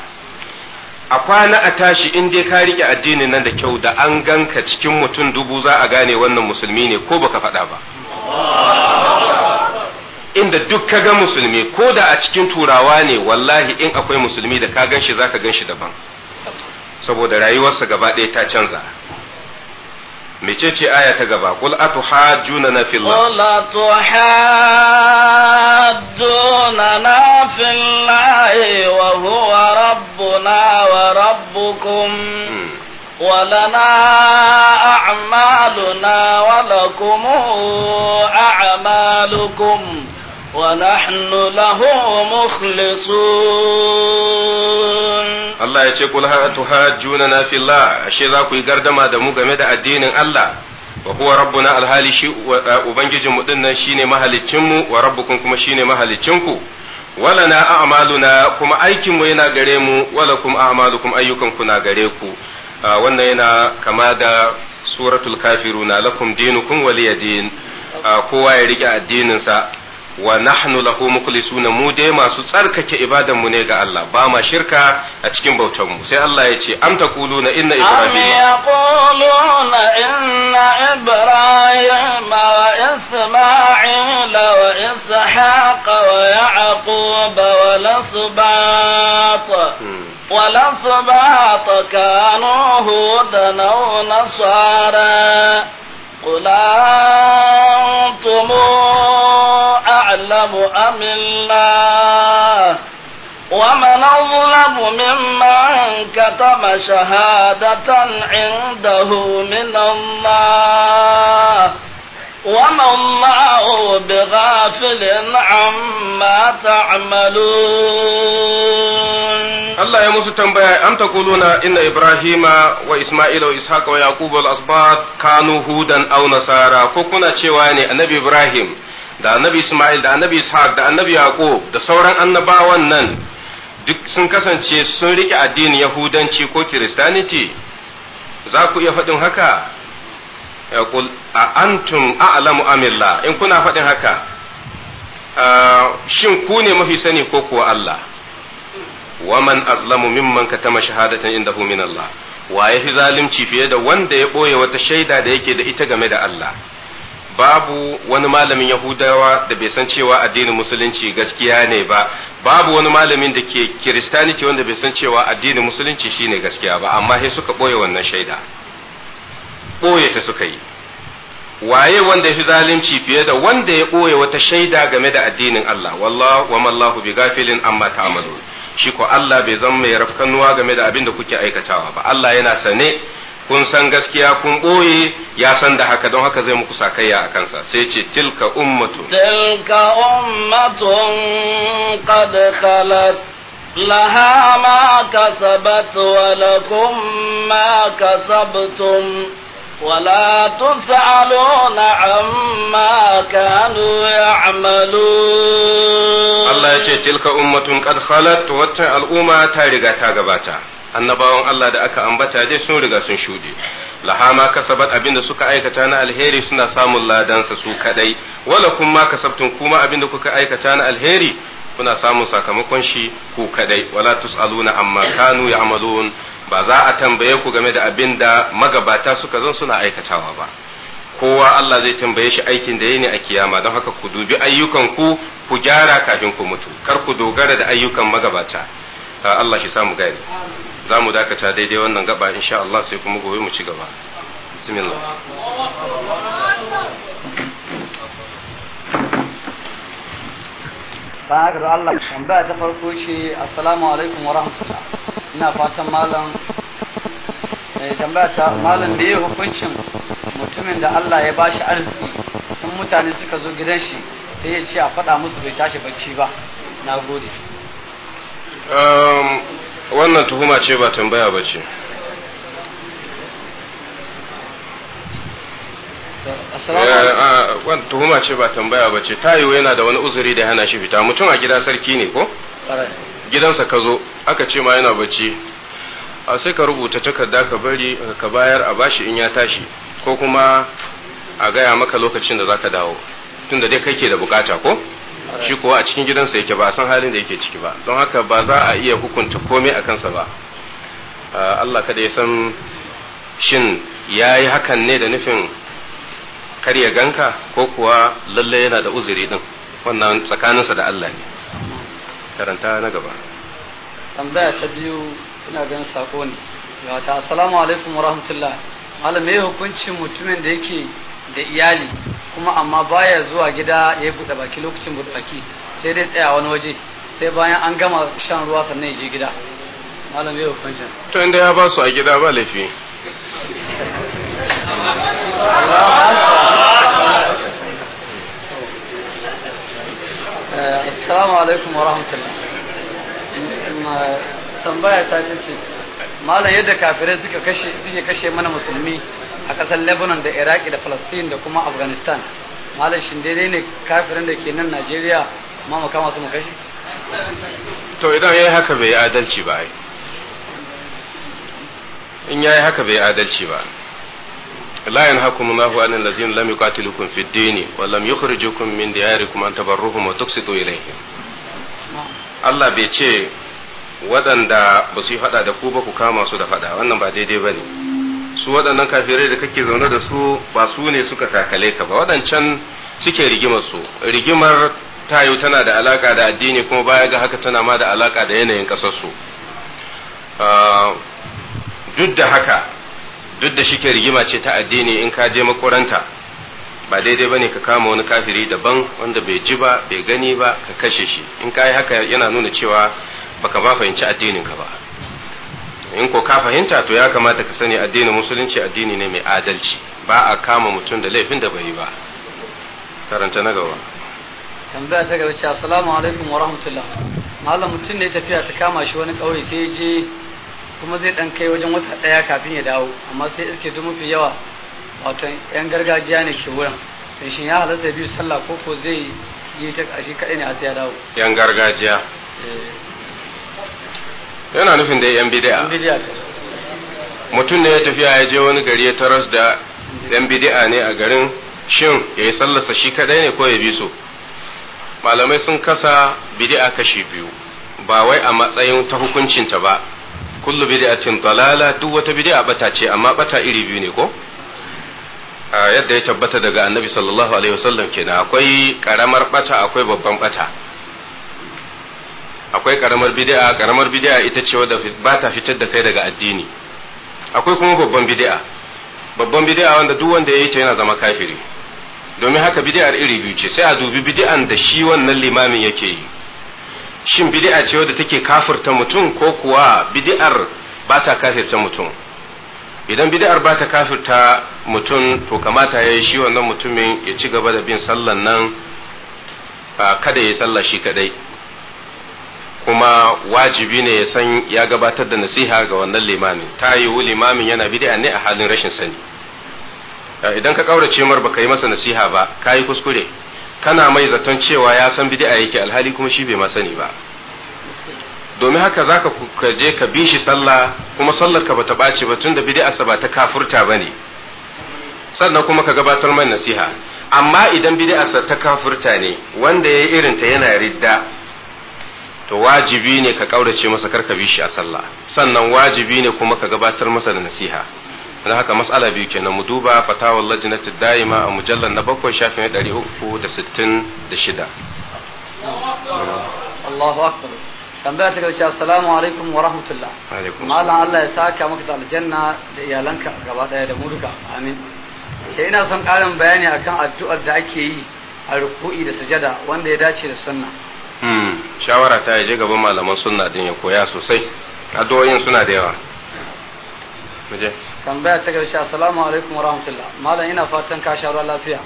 a kwana a tashi in dai ka rike addinin nan da kyau da an ganka cikin mutum dubu za a gane wannan musulmi ne ko baka faɗa ba inda duk ka ga musulmi ko da a cikin turawa ne wallahi in akwai musulmi da ka gan shi za ka gan shi daban saboda rayuwarsa gaba ɗaya ta canza mecece aya ta gaba qul atuhajjunana fillah qul atuhajjunana fillah wa huwa rabbuna wa rabbukum ولنا أعمالنا ولكم أعمالكم ونحن له مخلصون Allah ya ce kul fi la ashe za ku yi gardama da mu game da addinin Allah wa huwa rabbuna alhali shi ubangijin mu dinnan shine mahaliccin mu wa rabbukum kuma shine mahaliccin ku wala na a'maluna kuma aikin mu yana gare mu wala kum a'malukum ayyukan ku na gare ku wannan yana kama da suratul kafiruna lakum dinukum waliyadin kowa ya rike addinin sa wa nahnu lahu mukhlisuna mu dai masu tsarkake ibadan mu ne ga Allah ba ma shirka a cikin bautar mu sai Allah ya ce am taquluna inna ibrahima am yaquluna inna ibrahima wa isma'ila wa ishaqa wa yaquba wa lasbata ولصبات كانوا هودا أو نصارى قل أنتم يعلم أم الله ومن أظلم ممن كتم شهادة عنده من الله وما الله بغافل عما تعملون الله يمس تنبيه أم تقولون إن إبراهيم وإسماعيل وإسحاق ويعقوب والأسباط كانوا هودا أو نصارى فكنا تشواني النبي إبراهيم da annabi Ismail da annabi Ishaq da annabi Yaqub da sauran annabawan nan duk sun kasance sun rike addinin Yahudanci ko Kiristaniti za ku iya faɗin haka yaqul a antum a'lamu amilla in kuna faɗin haka shin ku ne mafi sani ko kuwa Allah waman azlamu mimman katama shahadatan indahu min Allah wa yafi zalimci fiye da wanda ya ɓoye wata shaida da yake da ita game da Allah babu wani malamin yahudawa da bai san cewa addinin musulunci gaskiya ne ba babu wani malamin da ke kiristaniti wanda bai san cewa addinin musulunci shine gaskiya ba amma sai suka ɓoye wannan shaida ɓoye ta suka yi waye wanda ya fi zalunci fiye da wanda ya ɓoye wata shaida game da addinin Allah wallahu wa mallahu bi gafilin amma ta'malun shi ko Allah bai zama mai rafkanuwa game da abin da kuke aikatawa ba Allah yana sane kun san gaskiya kun ɓoye ya san da haka don haka zai muku sakayya a kansa sai ce tilka ummatu tilka ummatun qad khalat laha ma kasabat wa lakum ma kasabtum ولا تسألون allah ya ce tilka يجي تلك أمة قد al'umma ta riga ta gabata. annabawan Allah da aka ambata dai sun riga sun shuɗe lahama kasabat abinda suka aikata na alheri suna samun ladansa su kadai wala kun ma kasabtun kuma abinda kuka aikata na alheri kuna samun sakamakon shi ku kadai wala tusaluna amma kanu ya'malun ba za a tambaye ku game da abinda magabata suka zan suna aikatawa ba kowa Allah zai tambaye shi aikin da ne a kiyama don haka ku dubi ayyukan ku ku gyara kafin ku mutu kar ku dogara da ayyukan magabata Allah shi samu gani za mu dakata daidai wannan gaba insha Allah sai kuma gobe mu ci gaba bismillah bayan haka Allah tambaya ta farko shi assalamu alaikum wa rahmatullah ina fatan malam eh, tambaya ta malam da yake hukuncin mutumin da Allah ya bashi arziki in mutane suka zo gidan shi sai ya ce a faɗa musu bai tashi bacci ba na gode um, wannan tuhuma ce ba tambaya ba ce eh, ah, tuhuma ce ba tambaya ba ce ta yiwu yana da wani uzuri da hana shi fita mutum a gida sarki ne ko gidansa ka zo aka ce ma yana bacci a ah, sai ka rubuta takarda ka bari eh, ka bayar a bashi in ya tashi ko kuma a gaya maka lokacin da za ka dawo tunda dai kake da bukata ko shi kuwa a cikin gidansa yake ba san halin da yake ciki ba don haka ba za a iya hukunta komai a kansa ba ah, Allah kada ya san shin ya yi hakan ne da nufin kar ya ganka ko kuwa lalle yana da uzuri din wannan tsakaninsa da Allah ne karanta na gaba tambaya ta biyu ina ganin sako ne ta assalamu alaikum wa rahmatullah malam me hukuncin mutumin da yake da iyali kuma amma baya zuwa gida ya yi buɗe baki lokacin buɗe baki sai dai tsaya wani waje sai bayan an gama shan ruwa sannan ya je gida malam yau kwancin to inda ya ba su a gida ba laifi eh, assalamu alaikum wa rahmatullahi mm, mm, tambaya ta ce malam yadda kafirai suka kashe suke kashe mana musulmi a ƙasar lebanon da iraki da palestine da kuma afghanistan malashin daidai ne kafirin da ke nan najeriya ma mu kama su mu kashe to idan ya yi haka bai adalci ba ai in ya yi haka bai adalci ba لا ينهاكم الله عن الذين لم يقاتلوكم في الدين ولم يخرجوكم من دياركم أن تبروهم وتقسطوا Allah bai ce waɗanda ba su yi faɗa da ku ba ku kama su da faɗa wannan ba daidai ba ne su waɗannan kafirai da kake zaune da su ba su ne suka kakale ka ba waɗancan suke rigimar su rigimar tayo tana da alaka da addini kuma baya ga haka tana ma da alaka da yanayin ƙasar su ah, duk da haka duk da shike rigima ce ta addini in ka je makuranta ba daidai bane ka kama wani kafiri daban wanda bai ji ba bai gani ba ka kashe shi in ka yi haka yana nuna cewa baka ba fahimci addinin ka ba in ko ka fahimta to ya kamata ka sani addinin musulunci addini ne mai adalci ba a kama mutum da laifin da bai yi ba karanta na gaba tambaya ta gaba ce assalamu alaikum wa rahmatullah malam mutum ne tafiya ta kama shi wani kauye sai je kuma zai dan kai wajen wata daya kafin ya dawo amma sai iske duk mafi yawa wato yan gargajiya ne ke wurin sai shin ya halatta biyu sallah ko ko zai yi ta kashi kadai ne a sai ya dawo yan gargajiya eh. yana nufin da yan bid'a mutum ne ya tafiya ya je wani gari ya taras da yan bid'a ne a garin shin ya yi sallarsa shi kadai ne ko ya bi su malamai sun kasa bidi'a kashi biyu ba wai a matsayin ta hukuncinta ba kullu bid'atin dalala duk wata bid'a bata ce amma bata iri biyu ne ko yadda ya tabbata daga annabi sallallahu alaihi wasallam kenan akwai karamar bata akwai babban bata akwai karamar bid'a karamar bid'a ita ce wadda ba ta fitar da kai daga addini akwai kuma babban bid'a babban bid'a wanda duk wanda yayi ta yana zama kafiri domin haka bid'ar iri biyu ce sai a dubi bid'an da shi wannan limamin yake yi shin bid'a ce wadda take kafirta mutum ko kuwa bid'ar ba ta kafirta mutum idan bid'ar ba ta kafirta mutum to kamata ya shi wannan mutumin ya ci gaba da bin sallan nan kada ya yi sallah shi kadai kuma wajibi ne ya san ya gabatar da nasiha ga wannan limamin ta yiwu limamin yana bid'a ne a halin rashin sani idan ka kaurace mar baka yi masa nasiha ba ka yi kuskure kana mai zaton cewa ya san bid'a yake alhali kuma shi bai ma sani ba domin haka zaka ka je ka bi shi sallah kuma sallar ka bata bace ba tunda bid'a ba ta kafurta bane sannan kuma ka gabatar mai nasiha amma idan bid'a ta kafurta ne wanda yayi irin ta yana ridda to wajibi ne ka kaurace masa karka bi shi a sallah sannan wajibi ne kuma ka gabatar masa da nasiha dan haka mas'ala biyu kenan mu duba fatawar lajnatid da'ima a mujallar na bakwai shafin ɗari uku da sittin da shida. Allahu akbar. tambaya ta karshe assalamu alaikum wa rahmatullah malam Allah ya saka maka da aljanna da iyalanka gaba daya da murka amin sai ina son karin bayani akan addu'ar da ake yi a ruku'i da sujada wanda ya dace da sunna Hmm. shawara ta yaje gaban malaman sunna din ya koya sosai addu'o'in suna da yawa muje tambaya ta gaishe assalamu alaikum wa rahmatullah malam ina fatan ka sha ruwa lafiya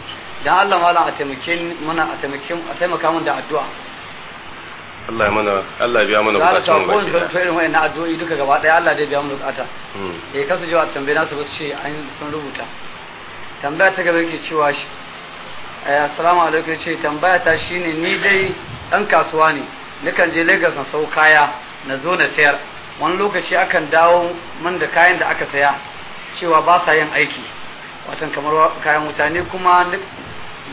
dan Allah malam a taimake muna a taimake a taimaka mun da addu'a Allah ya mana Allah biya mana bukatun mu baki da. Sai wannan addu'o'i duka gaba daya Allah dai biya mu bukata. Hmm. Eh kasu jawa tambaye na su ce an sun rubuta. Tambaya ta gaba yake cewa eh, assalamu alaikum ce tambaya ta shine ni dai ɗan kasuwa ne nakan je Lagos na sau kaya na zo na sayar wani lokaci akan dawo man da kayan da aka saya cewa ba sa yin aiki watan kamar kayan wuta kuma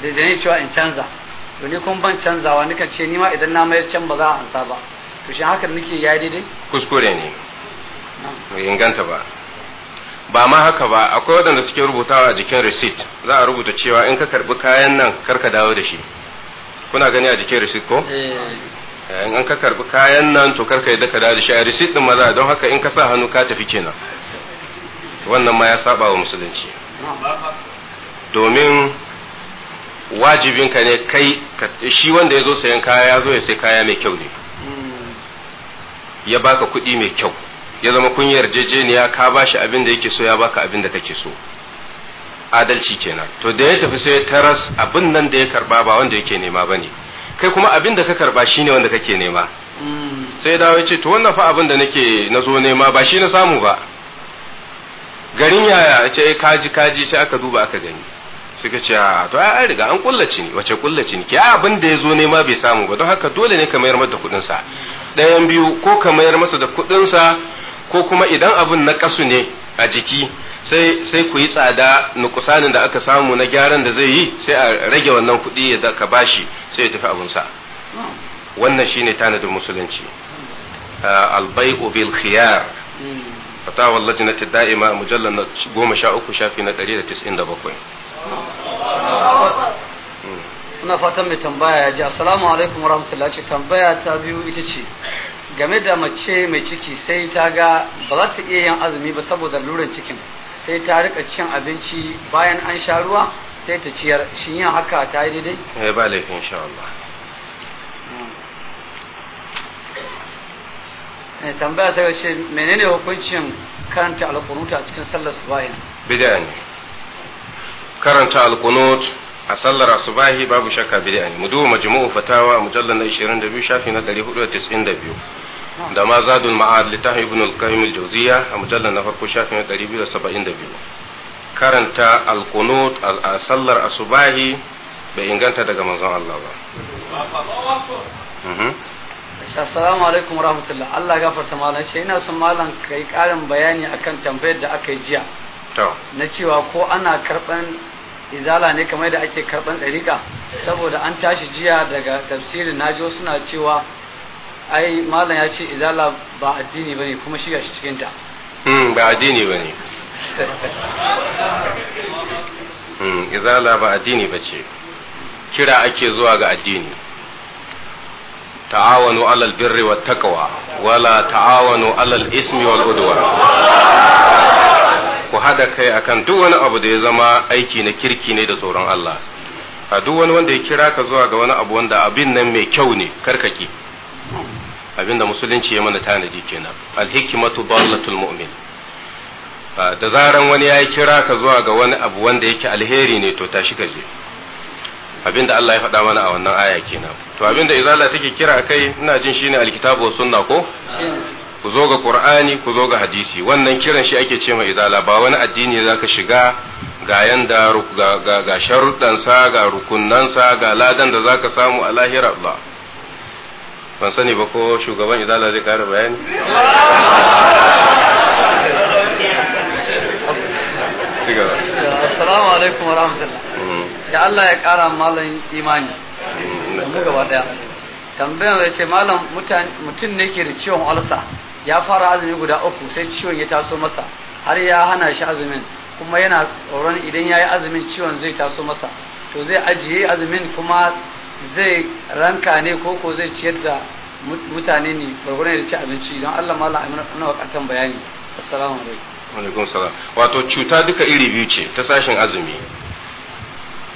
da ne cewa in canza to ni kuma ban canzawa nakan ce ni idan na mayar can ba za a ansa ba to shi haka nake ya daidai kuskure ne inganta ba ba ma haka ba akwai waɗanda suke rubutawa a jikin receipt za a rubuta cewa in ka karbi kayan nan kar ka dawo da shi kuna gani a jikin risit ko eh. Eh, in an ka karbi kayan nan to karka yadda ka da shi a risit din maza don haka in ka sa hannu ka tafi kenan wannan ma ya saba wa musulunci domin ka ne kai shi wanda ya zo sayan kaya ya zo ya sai kaya mai kyau ne ya baka kuɗi mai kyau ya zama kun yarjejeniya ka bashi abin da yake so ya baka abin da kake so adalci kenan to da ya tafi sai taras abin nan da ya karba ba wanda yake nema ba ne kai kuma abin da ka karba shine wanda kake nema sai dawo ce to wannan fa abin da nake na zo nema ba shi na samu ba garin yaya ce eh, kaji kaji sai aka duba aka gani suka ce ah, to ai an riga an kullace ni wace kullace ni ke abin da ya zo nema bai samu ba don haka dole ne ka mayar masa da sa ɗayan biyu ko ka mayar masa da kuɗinsa sa ko kuma idan abin na kasu ne a jiki sai sai ku yi tsada nukusanin da aka samu na gyaran da zai yi sai a rage wannan kuɗi ya ka bashi sai ya tafi abunsa wannan shine tanadin musulunci ah, albai'u bil khiyar fatawa lajnati da'ima mujallar na 13 shafi na 197 ina fatan mai tambaya ya ji assalamu alaikum warahmatullahi ce tambaya ta biyu ita ce game da mace mai ciki sai ta ga ba za ta iya yin azumi ba saboda luran cikin sai ta rika cin abinci bayan an sha ruwa sai ta ciyar shi yin haka ta yi daidai? ya eh, ba laifin insha Allah hmm. eh, tambaya ta ce menene hukuncin karanta alkunuta a cikin sallar subahin bid'a ne karanta alkunut a sallar asubahi babu shakka bid'a ne mu duba majmu'u fatawa mujallal na 22 shafi na 492 da ma zadul ma'ad littafin ibn al-qayyim al-jawziya a mujallal na farko shafin 272 karanta al-qunut al-sallar asubahi bai inganta daga manzon Allah ba mhm. Assalamu alaikum rahmatullah Allah gafarta malam ce ina son malam kai karin bayani akan tambayar da aka yi jiya na cewa ko ana karban izala ne kamar da ake karban ɗariƙa saboda an tashi jiya daga tafsirin najo suna cewa ai malam ya ce izala ba addini bane kuma shiga shi cikin ta hmm ba addini bane hmm izala ba addini bace kira ake zuwa ga addini ta'awanu alal birri wat taqwa wala ta'awanu alal ismi wal udwan ku hada kai akan duk wani abu da ya zama aiki na kirki ne da tsoron Allah a duk wani wanda ya kira ka zuwa ga wani abu wanda abin nan mai kyau ne ki. abinda musulunci ya mana tanadi kenan alhikimatu dallatul mu'min ah, da zaran wani ya kira ka zuwa ga wani abu wanda yake alheri ne to tashi ka je abinda Allah ya faɗa mana a wannan aya kenan to abinda izala take kira kai ina jin shine alkitabu sunna ko ku zo ga qur'ani ku zo ga hadisi wannan kiran shi ake ce ma izala ba wani addini zaka shiga ga yanda ga ga sa ga rukunansa ga ladan da zaka samu a lahira Allah ban sani ba ko shugaban idala zai kara bayani assalamu alaikum wa rahmatullahi mm. ya Allah ya kara malam imani mm, mu gaba daya tambayar da ce malam mutum ne ke da ciwon alsa ya fara azumi guda uku sai ciwon ya taso masa har ya hana shi azumin kuma yana tsoron idan ya yi azumin ciwon zai taso masa to zai ajiye azumin kuma zai ranka ne ko ko zai ciyar da mutane ne gwargwaron da ci abinci don Allah ma Allah amina bayani assalamu alaikum alaikum salam wato cuta duka iri biyu ce ta sashin azumi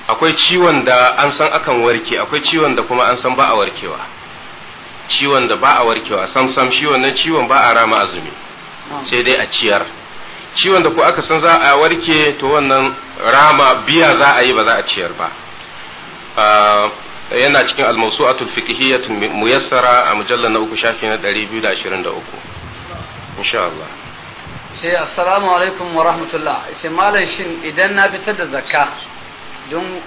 akwai ciwon da an san akan warke akwai ciwon da kuma an san ba a warkewa ciwon da ba a warkewa sam sam shi wannan ciwon ba a rama azumi sai dai a ciyar ciwon da ku aka san za a warke to wannan rama biya za a yi ba za a ciyar ba ah, yana cikin almawsu'atul fiqhiyyah muyassara a mujallal na uku shafi na 223 insha Allah sai assalamu alaikum wa rahmatullah ce malam shin idan na fitar da zakka don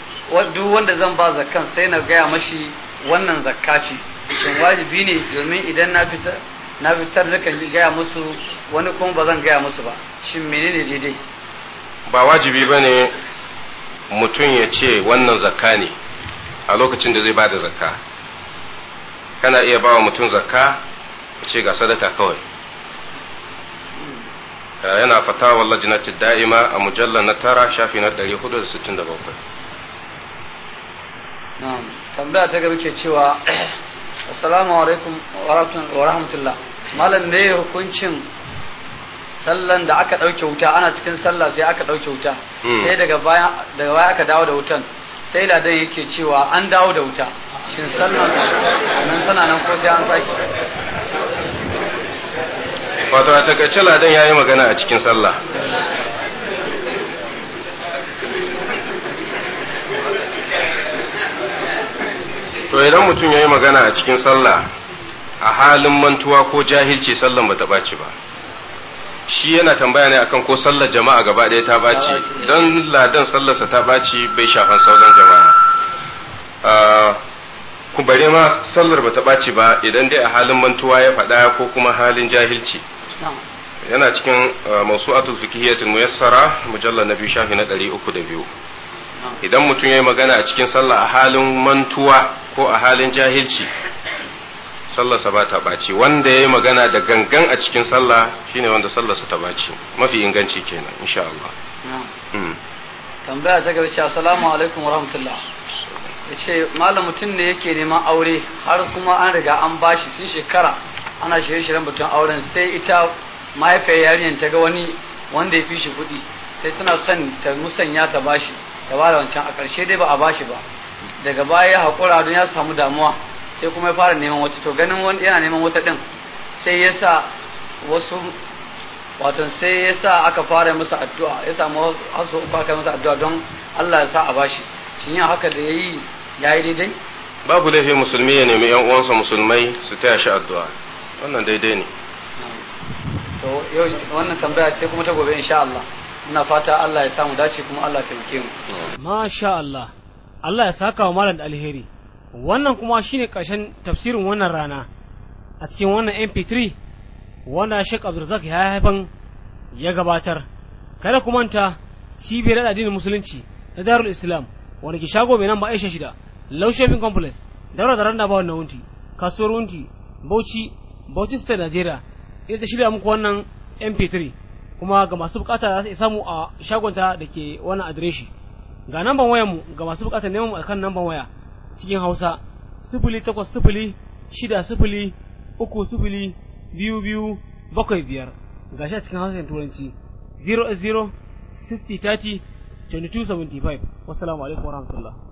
duk wanda zan ba zakkan sai na gaya mashi wannan zakka ce shin wajibi ne domin idan na fitar na fitar nakan gaya musu wani kuma ba zan gaya musu ba shin menene daidai ba wajibi bane mutum ya ce wannan zakka ne a lokacin da zai ba da zakka kana iya ba wa mutum zakka ce ga sadaka kawai eh, yana fatawar lajinatu da'ima a mujallar na tara shafi na 467 tambaya ta gaba ke cewa assalamu alaikum wa rahmatullah malam ne hukuncin sallan da aka ɗauke wuta ana cikin sallah sai aka ɗauke wuta hmm. sai daga baya aka dawo da wutan sai ladan yake cewa an dawo da wuta shin sallan nan tana nan ko sai an sake wato a takaice ladan yayi magana a cikin sallah to idan mutum yayi magana a cikin sallah a halin mantuwa ko jahilci sallan bata ɓaci ba shi yana tambaya ne akan ko sallar jama'a gaba ɗaya ta baci ah, don ladan sallarsa ta baci bai shafan sauran jama'a ah, ku bare ma sallar ba ta baci ba idan dai a halin mantuwa ya faɗa ko kuma halin jahilci yana cikin ah, masu'atul fikihiyatul muyassara mujallar na biyu shafi na ɗari uku da biyu idan mutum ya yi magana a cikin sallah a halin mantuwa ko a halin jahilci sallarsa ba ta ɓaci wanda ya yi magana da gangan a cikin sallah shine wanda sallarsa ta ɓaci mafi inganci kenan insha Allah hmm. tambaya ta gaba ce assalamu alaikum wa rahmatullah yace malam mutum ne yake neman aure har kuma an riga an bashi sun shekara ana shirye-shiryen batun auren sai ita mahaifiyar yarinyar ta ga wani wanda ya fi shi kuɗi sai tana son ta musanya ta bashi ta da wancan a ƙarshe dai ba a bashi ba daga baya ya haƙura don ya samu damuwa sai kuma ya fara neman wata to ganin wani yana neman wata din sai ya sa wasu wato sai ya sa aka fara masa addu'a ya samu wasu uku aka masa addu'a don Allah ya sa a bashi shin yin haka da yayi yayi daidai babu laifin musulmi ya nemi yan uwansa musulmai su taya shi addu'a wannan daidai ne to yau wannan tambaya sai kuma ta gobe insha Allah muna fata Allah ya samu dace kuma Allah ya taimake mu masha Allah Allah ya saka wa malam alheri wannan kuma shine ƙarshen tafsirin wannan rana a cikin wannan mp3 wanda Sheikh Abdulrazak ya haifan ya gabatar kada ku manta cibiyar addinin musulunci na Darul Islam wanda ke shago mai nan ba Aisha shida Low Shopping Complex daura da randa ba wannan wunti kasuwar wunti Bauchi Bauchi State Nigeria ita shirya muku wannan mp3 kuma ga masu bukata za su samu a shagonta da ke wannan adireshi ga namban wayanmu ga masu bukata neman akan namban waya cikin Hausa sifili takwas sifili shida sifili uku sifili biyu biyu bakwai biyar shi a cikin Hausa Turanci 0 0 60 30 22 75 wassalamu alaikum rahmatullah.